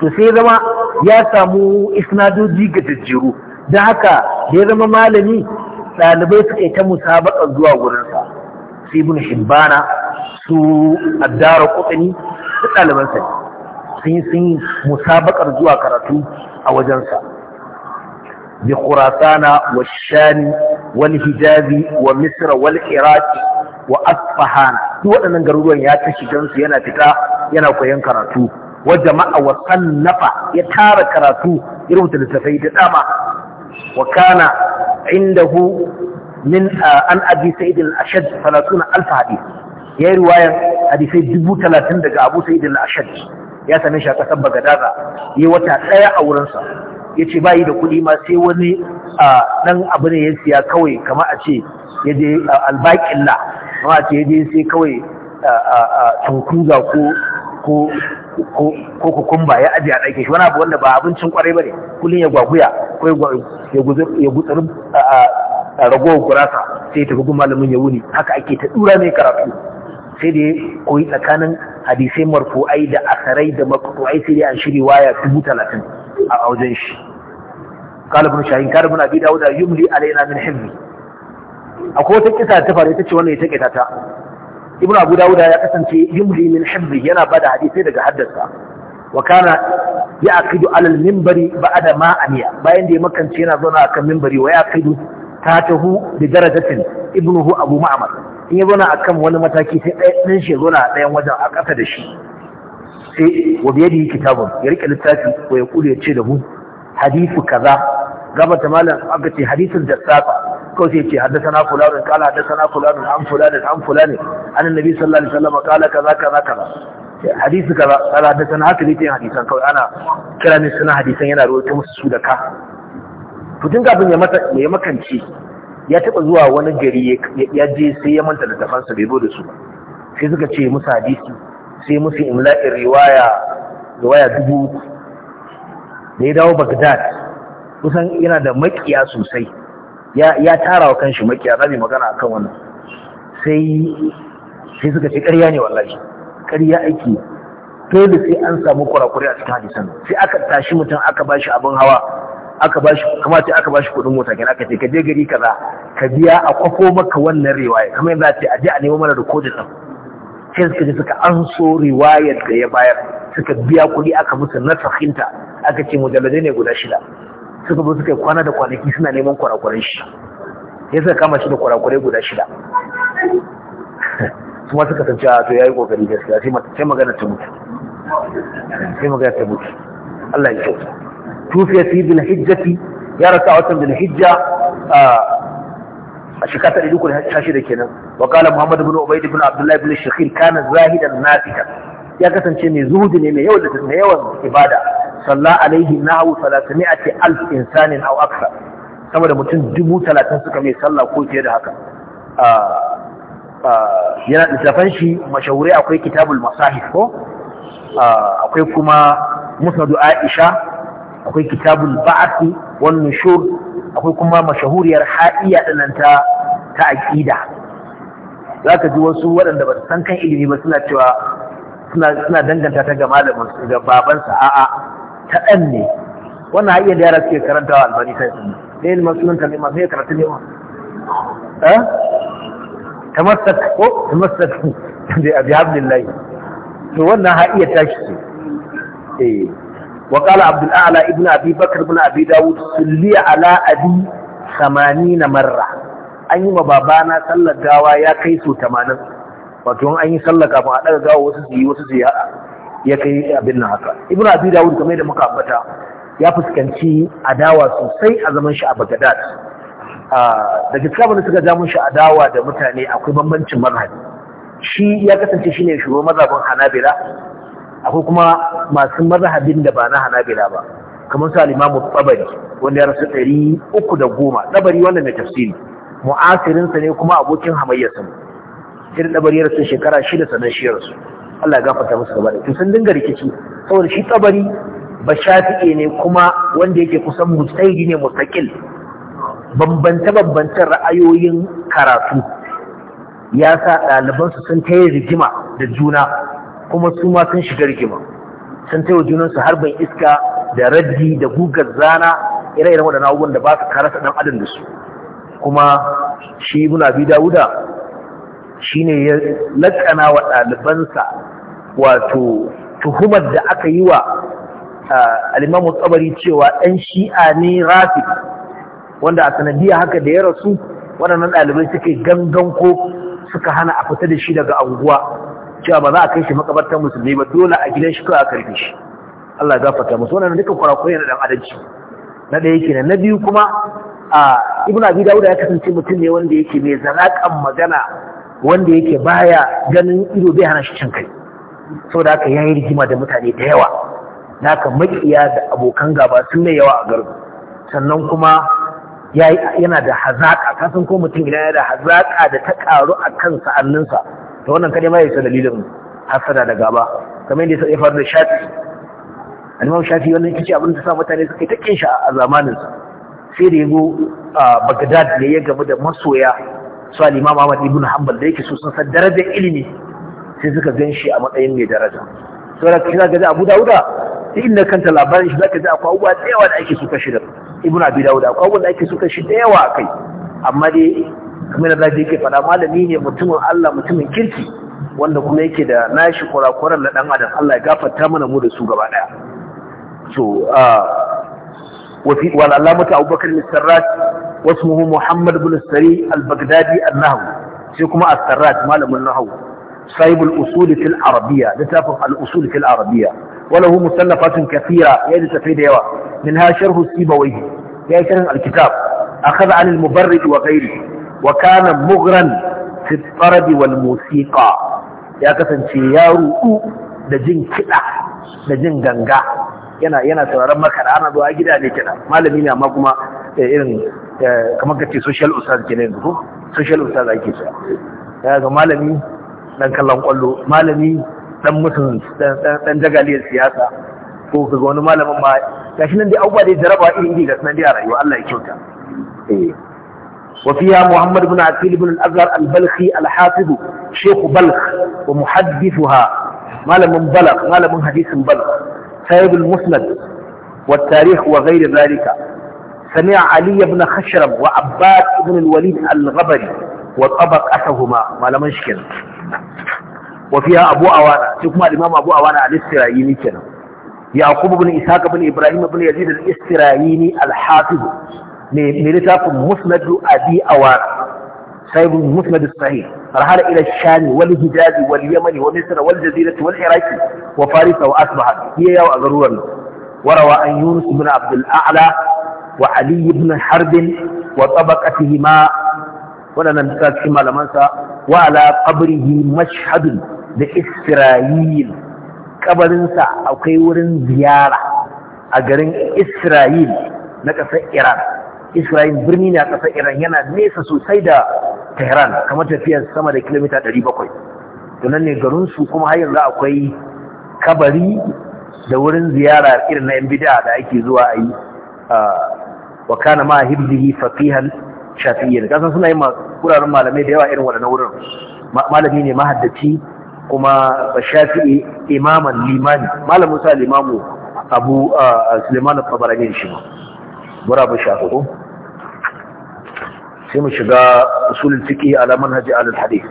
to sai zama ya samu isnadoji ga jajjeru dan haka da ya zama malami ɗalibai suka yi ta musabaka zuwa wurinsa su ibn Hibbana su Addara Qutni su dalibansa sun yi musabakar zuwa karatu a wajensa bi khurasana wa shani wal hijazi wa misra wal iraq wa asfahan duk waɗannan garuruwan ya tashi shigan su yana fita yana koyon karatu wa jama'a wa sannafa ya tara karatu irin littattafai da dama wa kana indahu min an abi sa'id al-ashad 30 hadith yayi riwayan hadisai talatin daga abu sa'id al-ashad ya same shi a kasar bagadaga yi wata ɗaya a wurinsa ya ce bayi da kuɗi ma sai wani ɗan abu ne ya siya kawai kama a ce ya je albaƙilla kama a ce ya je sai kawai tunkuza ko ko kukumba ya ajiye a ɗaike shi wani abu wanda ba abincin ƙwarai ba ne kullum ya gwaguya ko ya a ragowar gurasa sai ta gun malamin ya wuni haka ake ta ɗura mai karatu sai da ya koyi tsakanin hadisai marfu'ai da asarai da maqtu'ai sai an shiri waya 30 a wajen shi qala shahin qala abi dawud yumli alaina min hizbi akwai wata kisa ta faru ita ce wannan ita kaita ta ibn abu dawud ya kasance yumli min hizbi yana bada hadisai daga haddasa wa kana yaqidu ala al-minbari ba'da ma aniya bayan da ya makance yana zauna akan minbari wa yaqidu tahu bi darajatin ibnuhu abu ma'mar in ya a kan wani mataki sai ɗan shi zauna a ɗayan wajen a ƙasa da shi sai wa biye da yi kitabun ya rike littafi ko ya kula ya ce da mu hadisu kaza gabata malam aka ce hadisin da safa kawai sai ce haddasana fulanun kala haddasana da an kula da an kula ne? an nabi sallallahu alaihi wasallam kala kaza kaza kaza Hadisu kaza kala na haka ne yin hadisan kawai ana kira ne suna hadisan yana rawaito musu su da ka to kafin ya makance ya taba zuwa wani gari ya je sai ya manta tafansa bai zo da su sai suka ce musu hadisi sai musu imla'in riwaya riwaya dubu uku da ya dawo bagdad kusan yana da makiya sosai ya tara wa kanshi makiya na magana magana kan wannan sai sai suka ce ƙarya ne wallahi ƙarya aiki dole sai an samu kurakuri a cikin hadisan sai aka tashi mutum aka bashi abin hawa aka bashi kamar ce aka bashi kuɗin mota kenan aka ce ka je gari kaza ka biya a kwafo maka wannan riwaya kamar yadda ce a je a nemo mana rikodin din sai suka ji suka an so riwayar da ya bayar suka biya kuɗi aka musu nasahinta aka ce mujalladai ne guda shida suka bi suka kwana da kwanaki suna neman kwarakwarai shi ya suka kama shi da kwarakwarai guda shida kuma suka san cewa to yayi kokari gaskiya sai magana ta mutu sai magana ta mutu Allah ya kyauta tufiya fi bil hijjati ya rasa watan bil hijja a shekara ta da kenan wa qala muhammad bin ubayd bin Abdullahi, bin shakhir kana zahidan nafika ya kasance mai zuhudi ne mai yawan da mai yawan ibada salla alaihi nahwu 300 alf insanin aw aksa sama da mutum talatin suka mai sallah ko fiye da haka yana littafan shi mashahurai akwai kitabul masahif ko akwai kuma musnadu aisha akwai kitabul ba'ati wan nushur akwai kuma mashahuriyar ha'iya dinan ta ta aqida zaka ji wasu waɗanda ba san kan ilimi ba suna cewa suna suna danganta ta ga malamin su ga baban sa a'a ta dan ne wannan ha'iya da yara suke karanta wa albani sai sun ne ilmin sunan kalima sai karatu ne ma eh tamassak ko tamassak bi hablillahi to wannan ha'iya ta shi eh وقال عبد الأعلى ابن أبي بكر بن أبي داود صلي على أبي ثمانين مرة أي مبابانا صلى قاوى يا كيسو تمانا وتون أي صلى قاوى على قاوى وسسي وسسي ya kai abin nan haka ibn abi dawud kamar da muka ambata ya fuskanci adawa sosai a zaman shi a bagdad da gaskiya da suka ja mun shi adawa da mutane akwai bambancin mazhabi shi ya kasance shine shugaban mazhabin hanabila akwai kuma masu mazhabin da ba na hanabila ba kamar su alimamu tsabari wanda ya rasu ɗari uku da goma ɗabari wanda mai tafsiri mu'asirinsa ne kuma abokin hamayyarsa sa irin ɗabari ya rasu shekara shida sannan shi rasu Allah gafarta musu gaba da sun dinga rikici saboda shi tsabari ba shafi'e ne kuma wanda yake kusan mustaidi ne mutsakil bambance bambancen ra'ayoyin karatu ya sa ɗalibansu sun ta yi rigima da juna kuma su ma sun shiga rigima sun taiwa junansu harbin iska da raddi da gugar zana ire-iren waɗannan abubuwan da ba su karasa ɗan adam da su kuma shi ibn abi dawuda ne ya latsana wa ɗalibansa wato tuhumar da aka yi wa Alimamu tsabari cewa ɗan shi'a ne rafi wanda a sanadiyya haka da ya rasu waɗannan ɗalibai suka gangan ko suka hana a fita da shi daga anguwa cewa ba za a kai shi makabartar musulmi ba dole a gidan shi kawai a karfe shi Allah ya gafarta musu wannan duka kurakuri na dan adalci na ɗaya kenan na biyu kuma a ibn abi dawud ya kasance mutum ne wanda yake mai zalakan magana wanda yake baya ganin ido bai hana shi cin kai saboda haka yayi rigima da mutane da yawa naka makiya da abokan gaba sun mai yawa a garin sannan kuma yana da hazaka kasan ko mutum idan yana da hazaƙa da ta ƙaru a kan sa'anninsa ta wannan kare ma yasa dalilin hasada da gaba kamar yadda ya faru da shafi al shafi wannan kici abin da sa mutane suka yi takin sha a zamanin sai da yago a Bagdad da ya gamu da masoya su al Ahmad ibn Hanbal da yake so sun san darajar ilimi sai suka gan shi a matsayin mai daraja saboda kina ga Abu Dawuda sai inda kanta labarin shi zaka ji akwai abubuwa da yawa da ake suka shi da Ibn Abi Dawud akwai abubuwa da ake suka shi da yawa akai amma dai kamar da yake fada malami ne mutumin Allah mutumin kirki wanda kuma yake da nashi kurakuran na dan adam Allah ya gafarta mana mu da su gaba daya so wa alamata abubakar bin sarrat wasmuhu muhammad bin sari al-baghdadi annahu sai kuma as-sarrat malamin nahwu sahib al-usul fil arabiyya litafu al-usul fil arabiyya wala huwa musannafatun kathira yadi tafi da yawa min ha sharhu sibawi ya sharhu al-kitab akhadha an al-mubarrid wa kairi. wa kana mughran fi tsarabi wal musiqa ya kasance ya rudu da jin kiɗa da jin ganga yana yana sauraron makara ana zuwa gida ne kiɗa malami ne amma kuma irin kamar ka ce social ustaz ke nan ko social ustaz ake cewa ya ga malami dan kallon kwallo malami dan mutum dan jagaliyar siyasa ko ga wani malamin ma gashi nan dai abubuwa dai jarabawa iri iri ga sunan dai a rayuwa Allah ya kyauta eh وفيها محمد بن عتيل بن الأزهر البلخي الحافظ شيخ بلخ ومحدثها مال من بلغ مال من حديث بلغ سيد المسند والتاريخ وغير ذلك سمع علي بن خشرم وعباد بن الوليد الغبري وطبق أسهما ما لم يشكل وفيها أبو أوانا شكما الإمام أبو أوانا الاسترائيني كنا يعقوب بن إسحاق بن إبراهيم بن يزيد الاسرائيلي الحافظ mai littafin musnadu abi awar sahibin musnadu sahih arhala ila Shani, wal hijazi wal yamani wa misra wal jazirati wal iraki wa farisa wa asbaha iya yawo a garuruwan warawa an yunus ibn abdul a'la wa ali ibn harb wa tabaqatihima wadannan duka cikin malamansa wa ala qabrihi mashhadun da isra'il Ƙabarinsa akwai wurin ziyara a garin isra'il na ƙasar iran Isra'il birni ne a ƙasar Iran yana nesa sosai da Tehran kamar tafiyar sama da kilomita 700 tunan ne garinsu kuma har yanzu akwai kabari da wurin ziyara irin na 'yan bida da ake zuwa a yi wa kana ma hibdihi faqihan shafi'iyyan kasan suna yin kuraren malamai da yawa irin waɗannan wurin malami ne mahaddaci kuma shafi'i imaman limani malamin sa limamu abu suleiman tabarani shi murabu sha hudu sai mu shiga usulul fiqh ala manhaji al hadith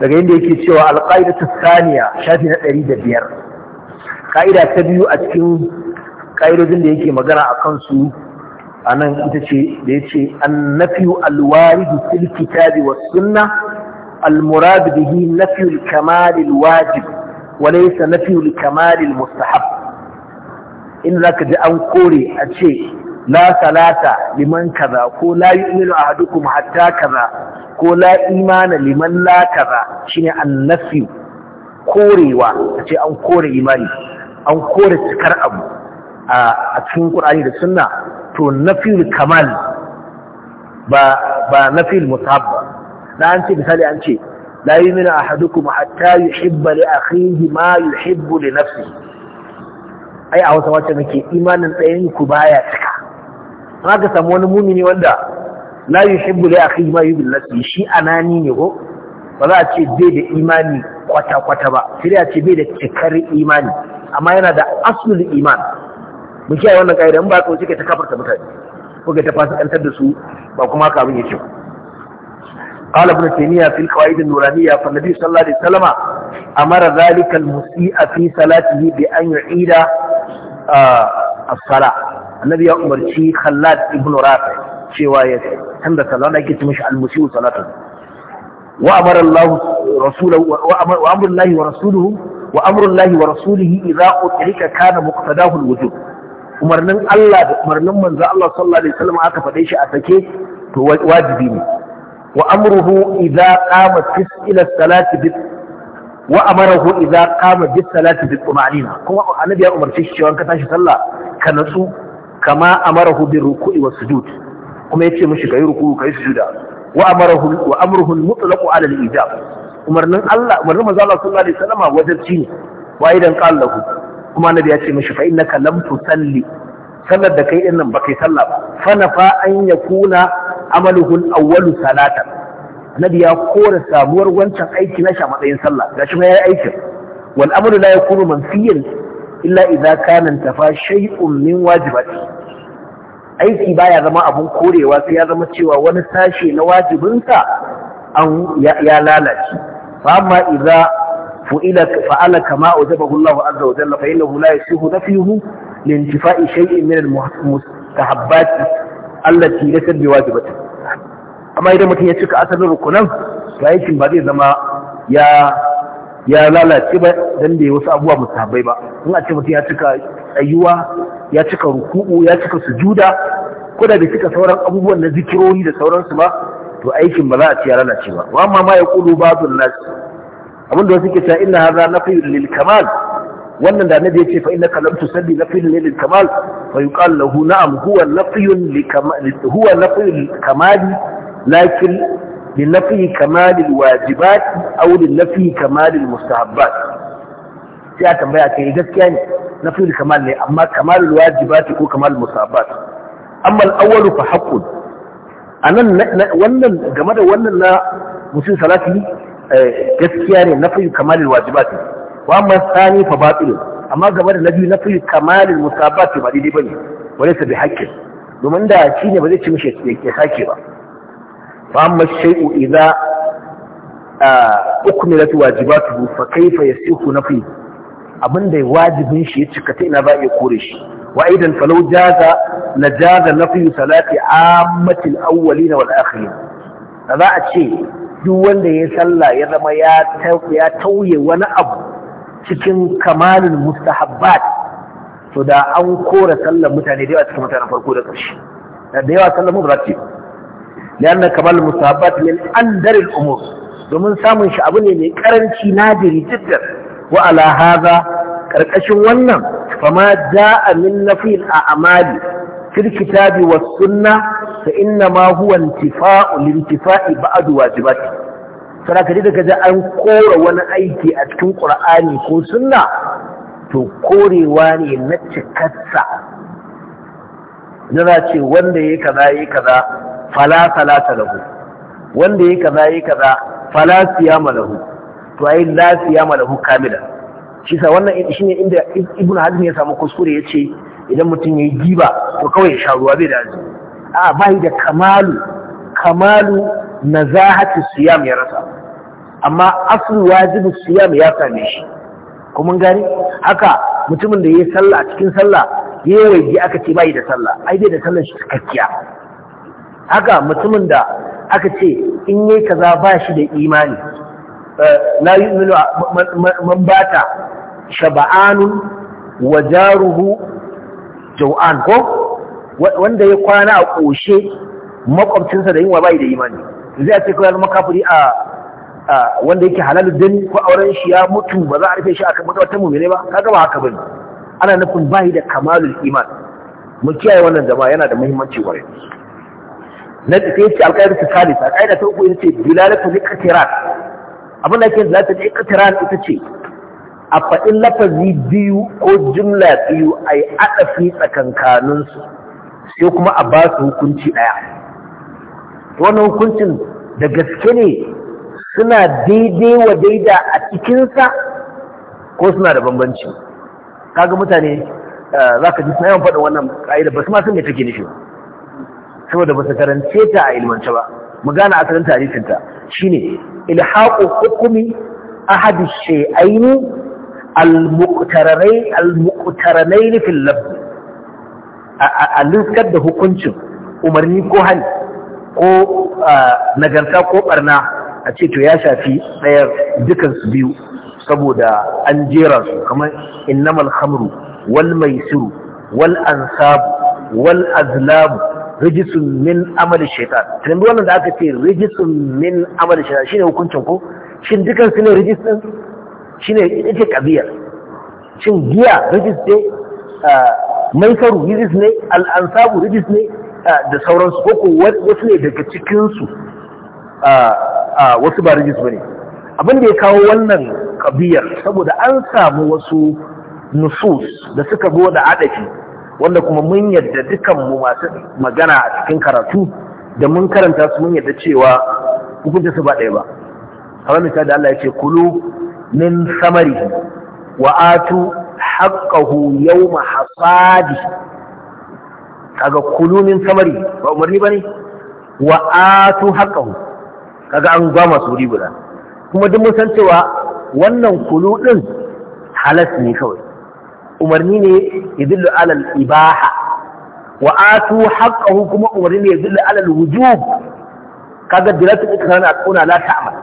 daga inda yake cewa alqaidatu saniya shafi na ɗari da biyar. Ƙa'ida ta biyu a cikin ƙa'idodin da yake magana kansu a nan ita ce da yace annafiyu alwaridu fil kitabi was sunnah المراد به wajib الكمال الواجب وليس نفي kamalil mustahab. inda ka ji an kore a ce la salata liman kaza ko la yi a yu'minu kuma hatta kaza ko la imana liman la kaza shine nafi korewa a ce an kore imani an kore cikar abu a cikin Qur'ani da Sunna to nafil kamal ba ba nafil mutabba na an ce misali an ce la yi a yu'minu kuma hatta yuhibba li akhihi ma yuhibbu li nafsihi ai a wata wacce muke imanin tsayin ku baya cika za ka samu wani mumini wanda la yuhibbu li akhihi ma yuhibbu nafsi shi anani ne ko ba za a ce bai da imani kwata kwata ba sai ya ce bai da cikar imani amma yana da aslul iman mu kiyaye wannan kaida in ba ka wuce ka ta kafarta mutane ko ka ta fasikantar da su ba kuma haka abin yake ba قال ابن تيمية في القواعد النورانية فالنبي صلى الله عليه وسلم أمر ذلك المسيء في صلاته بأن يعيد آه الصلاة النبي يأمر شيء خلاد ابن رافع شواية حمد صلى الله عليه وسلم المسيء صلاته وأمر الله رسوله وأمر, وأمر الله ورسوله وأمر الله ورسوله إذا أترك كان مقتداه الوجود umarnin Allah da umarnin manzo Allah sallallahu alaihi wasallam aka faɗe shi a sake to wajibi ne وأمره إذا قام إلى الصلاة وأمره إذا قام بالصلاة بالطمأنينة كما النبي أمر في الشيء وأنك تاشي صلى كنسو كما أمره بالركوع والسجود كما يتشي مشي كي ركوع كي سجود وأمره, وأمره المطلق على الإيجاب أمرنا الله أمرنا مزال الله صلى الله عليه وسلم وزرتيني وأيضا قال له كما النبي يتشي مشي فإنك لم تصلي sallar da kai ɗin nan ba kai sallah ba fanafa an ya kuna amaluhu al-awwalu salatan annabi ya kora samuwar wancan aiki na sha matsayin sallah gashi ma yayi aikin wal amalu la yakunu manfiyan illa idza kana tafa shay'un min wajibati aiki baya zama abun korewa sai ya zama cewa wani sashe na wajibinsa an ya lalace fa amma idza fu'ila fa'ala kama wajabahu Allah azza wa jalla fa innahu la yasihu nafihu li intifa'i shay'in min al-mustahabbati Allah da sabbi wajibi wajibatin amma idan mutum ya cika asalin rukunan to aikin ba zai zama ya ya lalace ba dan da wasu abubuwa musabai ba in a ce mutum ya cika tsayuwa ya cika ruku'u ya cika sujuda ko da bai cika sauran abubuwan na zikironi da sauransu ba to aikin ba za a ce ya lalace ba wa amma ma ya kulu babun nas abinda wasu ke cewa inna hadha nafiyun lil kamal wannan da annabi yace fa innaka lam tusalli nafiyun lil kamal fa yuqal lahu na'am huwa nafiyun li kamal huwa nafiyun kamali lakin li nafi kamal al wajibat aw li nafi kamal al mustahabbat sai a tambaya kai gaskiya ne nafiyul kamal ne amma kamal al wajibat ko kamal al mustahabbat amma al awwal fa haqqun anan wannan game da wannan na musul salati gaskiya ne nafi kamal al wajibat wa sani fa batil amma game da nabi nafil kamalil musabat ba daidai bane wala sa bi domin da shi ne ba zai ci mishi ya sake ba fa amma shay'u idza ukmilat wajibatuhu fa kayfa yasihu nafi abinda wajibin shi ya cika ta ina za iya kore shi wa aidan falau jaza la jaza nafi salati ammatil awwalin wal akhirin za a ce duk wanda ya salla ya zama ya tauye wani abu cikin kamalul mustahabbat to da an kora sallar mutane da yawa cikin mutanen farko da ƙarshe da yawa sallar mu ba ce lianna kamalul mustahabbat min andaril umur domin samun shi abu ne mai karanci nadiri jiddar wa ala haza, karkashin wannan fama da'a min nafil a'mali fil kitabi was sunnah fa inna ma huwa intifa'u lintifa'i ba'd wajibati sana ka daga ji an kora wani aiki a cikin ƙura'ani ko sunna to korewa ne na cikarsa yana ce wanda ya kaza ya kaza fala salata lahu wanda ya kaza ya kaza ya ma lahu to a yi siyama lahu kamila shi sa wannan ne inda ibn hajji ya samu kuskure ya ce idan mutum ya yi giba to kawai ya sha ruwa bai da a bai da kamalu kamalu na nazahati siyam ya rasa amma asali wajibu siyam ya same shi kuma gani haka mutumin da ya yayi sallah cikin sallah yi waje aka ce bai da sallah ai dai da sallar shi cikakkiya haka mutumin da aka ce in yayi kaza ba shi da imani eh, la yu'minu man bata shaba'anun wa jaruhu jau'an ko wanda ya kwana a ƙoshe makwabcinsa da yunwa bai da imani zai ce kawai zama a wanda yake halalu dani ko auren shi ya mutu ba za a rufe shi a kamar wata mumine ba Ka gaba haka bane ana nufin bayi da kamalul iman mu kiyaye wannan jama'a yana da muhimmanci kwarai na sai yace alƙaida ta salisa alƙaida ta uku ita ce dilalatu liqtiran abin da yake dilalatu liqtiran ita ce a faɗin lafazi biyu ko jumla biyu ai adafi tsakankaninsu sai kuma a ba su hukunci ɗaya wannan hukuncin da gaske ne suna daidai wa daida a cikinsa ko suna da bambanci kaga mutane eh, za ka ji suna faɗin wannan ƙa'ida ba su masu mai take nufi saboda ba su karance ta a ilmance ba mu gane asalin tarihinta. Shi ne, ilhaƙo hukumi ahadi shay'aini al-muqtararai Nufin muqtaranaini a liskar da hukuncin umarni ko hali ko nagarta ko barna a ce to ya shafi ɗaya dukansu biyu saboda an jera su kamar innamal khamru wal maisiru wal ansabu, wal azlamu, rijisun min amal shaitan tunan wannan da aka ce rijisun min amal shaitan shine hukuncin ko shin dukan su ne rijis din shine ita kabiyar shin giya rijis ne maisaru rijis ne al ansabu rijis ne da sauransu ko wasu ne daga cikinsu wasu ba rijis ba abin da ya kawo wannan kabiyar saboda an samu wasu nusus da suka zo da wanda kuma mun yadda dukanmu masu magana a cikin karatu da mun karanta su mun yadda cewa hukunta su ba ɗaya ba kamar misali da Allah ya ce kulu min samari wa atu haqqahu yawma hasadi kaga kulu min samari ba umarni ba bane wa atu haqqahu kaga an ba masu wuri guda kuma duk mun san cewa wannan kulu din halas ne kawai umarni ne ya ala alal ibaha wa atu haqqahu kuma umarni ne yadullu ala al-wujub kaga dilatu ikran aquna la ta'mal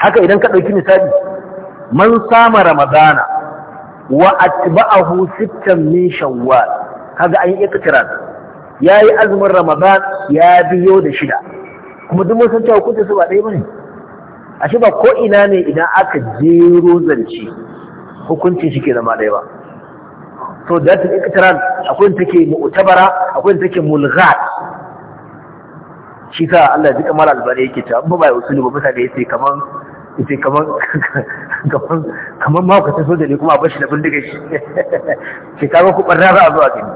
haka idan ka ɗauki misali man sama ramadana wa atba'ahu sittan min shawwal kaga an yi iktirar ya yi azumin ramadan ya biyo da shida kuma duk mun san cewa hukuncin su ba ɗaya bane shi ba ko ina ne idan aka jero zance hukuncin shi ke zama ɗaya ba so da ta iktirar akwai take mu'tabara akwai take mulghat shi ka Allah duka kamar albani yake ta ba bai usuli ba mutane yace kaman yace kaman kaman kaman ma ka taso da ne kuma a bashi da bindiga shi ke kaga ku barra za a zo gani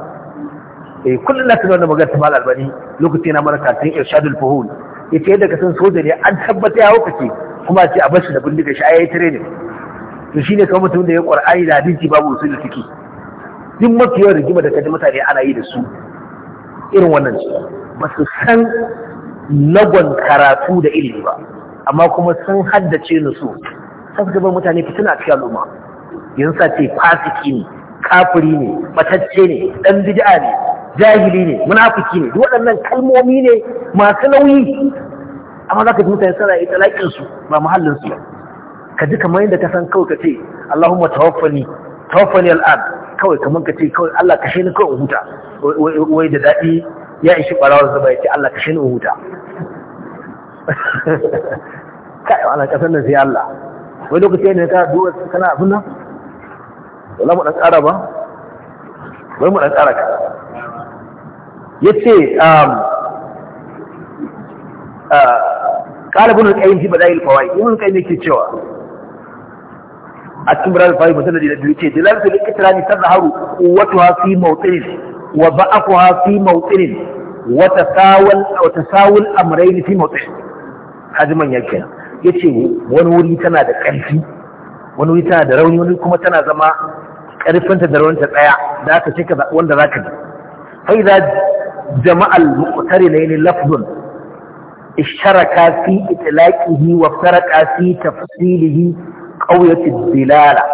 eh kullun na tunan da magana ta mal albani lokaci na maraka tun irshadul fuhul yace yadda ka san soja ne an tabbata ya ce kuma ce a bar da bindiga shi ayi tare ne to shine kamar mutum da ya qur'ani da hadisi babu usul fiki duk mafiyar rigima da kaji mutane ana yi da su irin wannan ce ba su san lagon karatu da ilimi ba amma kuma sun haddace su sun gaba mutane fitina cikin al'umma yanzu sa ce fasiki ne kafiri ne matacce ne dan bid'a ne jahili ne munafiki ne duk waɗannan kalmomi ne masu nauyi amma za ka ji mutane sana yi talakin su ba muhallin su ka ji kamar yadda ka san kawai ka ce Allahumma tawaffani tawaffani al'ad kawai kamar ka ce kawai Allah kashe ni kawai huta wai da daɗi ya ishi ɓarawar zuba ya ce Allah kashe ni huta kai wani ƙasar na sai Allah wai lokaci ne ka duwa kana abin nan wala mu ɗan ƙara ba wai mu ɗan ƙara ka ya ce ƙalibin um, uh, alƙayin fi baɗa ilfawai yin alƙayin yake cewa a cikin birar alfawai musamman da biyu ce dilar su likita ne sannan haru wata hafi mautsirin wa ba ba'afu hafi mautsirin wata sawul amurai fi mautsirin hajiman yake ya ce wani wuri tana da ƙarfi wani wuri tana da rauni wani kuma tana zama ƙarfinta da rauninta tsaya da aka cika wanda za ka ji jama'al muqtarinaini lafzun ishtaraka fi itlaqihi wa farqa fi tafsilihi qawiyat dilala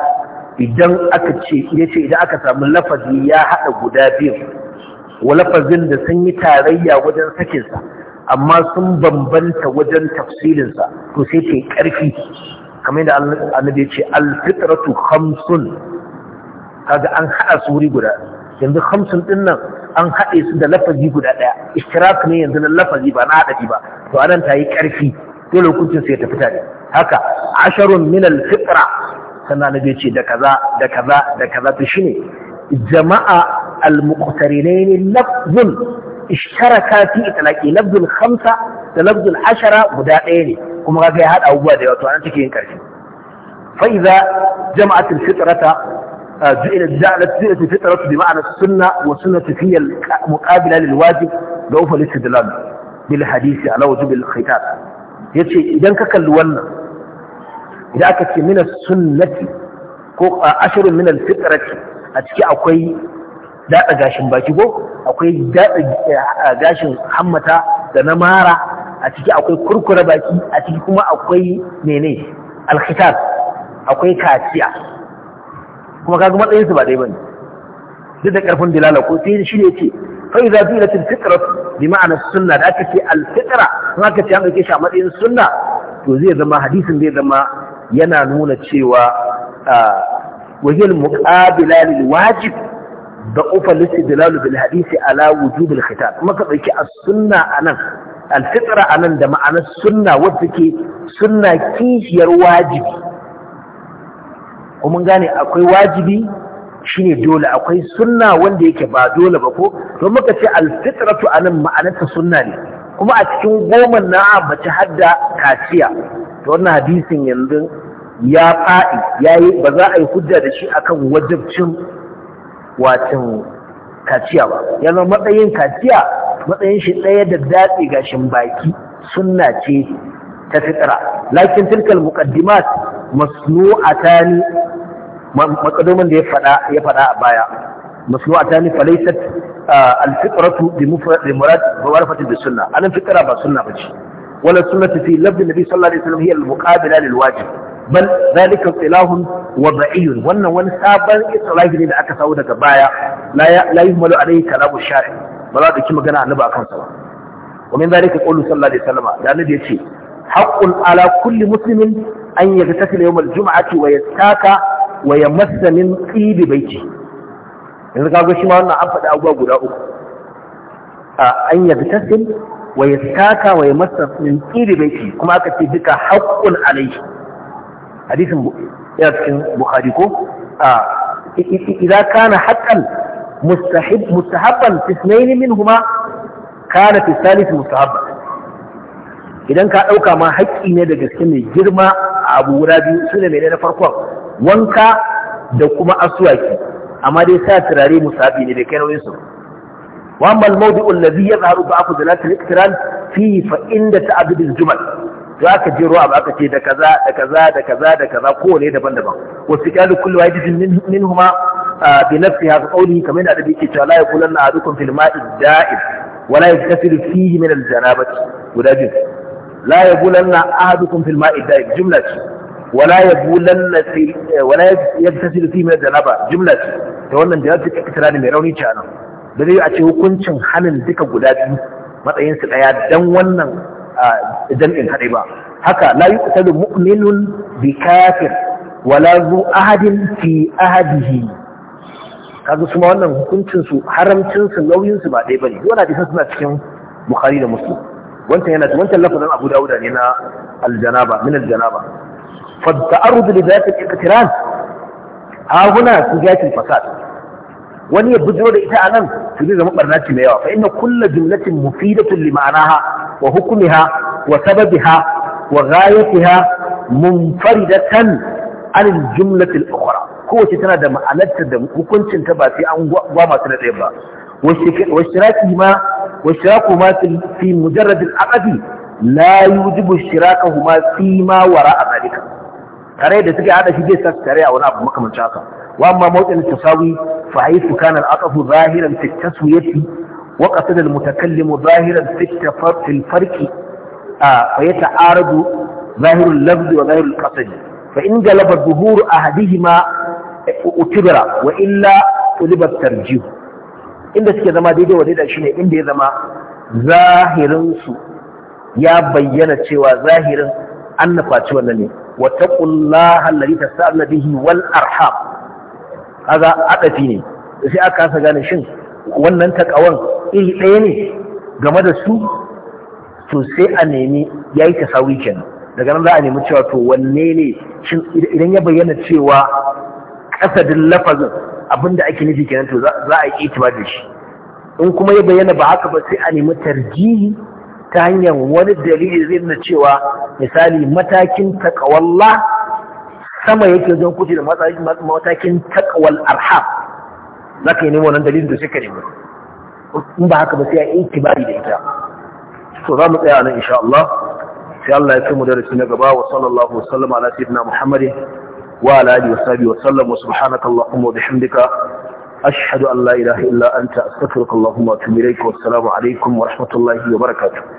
idan aka ce yace idan aka samu lafazi ya haɗa guda biyu wa lafazin da sun yi tarayya wajen sakinsa amma sun bambanta wajen tafsilin to sai ce karfi kamar yadda annabi ya ce al-fitratu khamsun kaga an haɗa su guda yanzu hamsin ɗin nan an haɗe su da lafazi guda ɗaya ishtirak ne yanzu na lafazi ba na haɗari ba to anan ta yi ƙarfi dole hukuncin sai ta fita tare haka asharun min al-fitra sannan nabi ce da kaza da kaza da kaza to shine jama'a al-muqtarinain lafzun ishtaraka fi itlaqi lafzul khamsa da lafzul ashara guda ɗaya ne kuma kaga ya haɗa abubuwa da yawa to anan take yin ƙarfi fa idza jama'at al-fitrata جعلت زينة الفطرة بمعنى السنة والسنة هي المقابلة للواجب لوفى الاستدلال بالحديث على وجوب الختان yace idan ka kalli wannan idan aka ce min sunnati ko ashirin min al-fitrati a ciki akwai dada gashin baki ko akwai dada gashin hammata da na mara a ciki kurkura baki a kuma akwai mene al akwai kaciya kuma kaga matsayin su ba dai bane duk da karfin dilala ko sai shi ne ce fa idza filat al fitra bi ma'ana sunna da aka ce alfitra fitra in aka ce an ɗauke shi a matsayin sunna to zai zama hadisin zai zama yana nuna cewa wajil muqabila lil wajib da ufa dilalu bil hadisi ala wujub al kuma ka ɗauki sunna anan alfitra a anan da ma'anar sunna wacce ke sunna kishiyar wajibi ko mun gane akwai wajibi shine dole akwai sunna wanda yake ba dole ba ko to muka ce alfitratu anan ma'anarta sunna ne kuma a cikin goma na mace hadda kaciya to wannan hadisin yanzu ya faɗi yayi ba za a yi hujja da shi akan wajibcin watin kaciya ba yana matsayin kaciya matsayin shi ɗaya da ga gashin baki sunna ce ta fitra lakin tilkal muqaddimat masnu'atani makadoman da ya faɗa ya fada a baya masnu'a ta ni falaysat ah, al-fitratu bi mufrad bi murad bi warfati bi sunna anan fitra ba sunna bace wala sunnatu fi lafzi nabi sallallahu alaihi wasallam hiya al-muqabila lil wajib bal zalika itilahun wad'i wannan wani sabon istilahi ne da aka samu daga baya la la yuhmalu alayhi kalamu shari ba za ka ki magana annabi akan sa ba wa min zalika qawlu sallallahu alaihi wasallam da annabi yace haqqun ala kulli muslimin an yagtasil yawm al-jum'ati wa yastaka wa ya massa min tsibi baiti yanzu kago shi ma wannan an faɗi abubuwa guda uku an yi tasin wa ya saka wa ya massa min tsibi baiti kuma aka ce duka haƙƙun alaihi hadisin ya cikin bukhari ko إذا كان حقا مستحب مستحبا في اثنين منهما كان في الثالث مستحبا idan ka ɗauka ma haƙƙi ne daga cikin mai girma a abu guda biyu su ne mai na farkon wanka da kuma asuwaki, amma dai sa turare musabi ne da kai nauyin su wa amma al-mawdi'u alladhi yadhharu ba'fu dalat al-iqtiran fi fa inda ta'addud al-jumal to aka jero abu aka ce da kaza da kaza da kaza da kaza kowane daban-daban wasu kalu kullu wahidin minhuma bi nafsiha ka qawli kamar da yake cewa la yaqulanna ahadukum fil ma'i da'ib wa la yaktasilu fihi min al-janabati guda biyu la yaqulanna ahadukum fil ma'i da'ib jumla ce wala yabulanna fi wala yabtasil fi min janaba jumla ce ta wannan da take kitara da mai rauni ce anan da zai a ce hukuncin hanin duka guda biyu matsayin su daya dan wannan jam'in kadai ba haka la yuqtalu mu'minun bi kafir wala ahadin fi ahadihi kaga su ma wannan hukuncin su nauyinsu su ɗaya su ba dai bane wannan suna cikin bukhari da muslim wancan yana wancan lafazin abu dauda ne na aljanaba min فالتأرض لذات الاقتران ها هنا سجاة الفساد وني يبدو لإساء نم تريد مقبرنات ميوة فإن كل جملة مفيدة لمعناها وحكمها وسببها وغايتها منفردة عن الجملة الأخرى كو تتنا دم ألت دم وكن تنتبع في أن وما تنتبع واشتراك ما واشتراك ما في مجرد الأقدي لا يوجب اشتراكهما فيما وراء ذلك kare da suka hada shi zai sa kare a wani abu makamancin haka wa amma mawqin tasawi fa haythu kana al-aqfu zahiran fi taswiyati wa qasada al-mutakallimu zahiran fi tafarti al-farqi fa yata'aradu zahiru al-lafzi wa zahiru al-qasdi fa in galaba dhuhuru ahadihima utibra wa illa tuliba tarjih inda suke zama daidai wa daidai shine inda ya zama zahirin su ya bayyana cewa zahirin an nufaci wannan ne واتقوا الله الذي تسألون به والأرحام هذا أدفي ne sai aka gane shin wannan ta takawan iri ɗaya ne game da su to sai a nemi yayi tasawi kenan daga nan za a nemi cewa to wanne ne shin idan ya bayyana cewa kasadin lafazin abinda ake nufi kenan to za a yi itibar da shi in kuma ya bayyana ba haka ba sai a nemi tarjihi ta hanyar wani dalili zai na cewa misali matakin takawalla sama yake zan kuce da matakin takawal arham za ka yi nemo wannan dalilin da suka nemo in ba haka ba sai a yi kibari da ita to za mu tsaya nan insha Allah sai Allah ya kai darasi na gaba wa sallallahu wa sallama ala sayyidina Muhammadin wa ala alihi wa sahbihi wa sallam wa subhanaka allahumma wa bihamdika ashhadu an la ilaha illa anta astaghfiruka allahumma wa atubu ilayk wa assalamu alaikum wa rahmatullahi wa barakatuh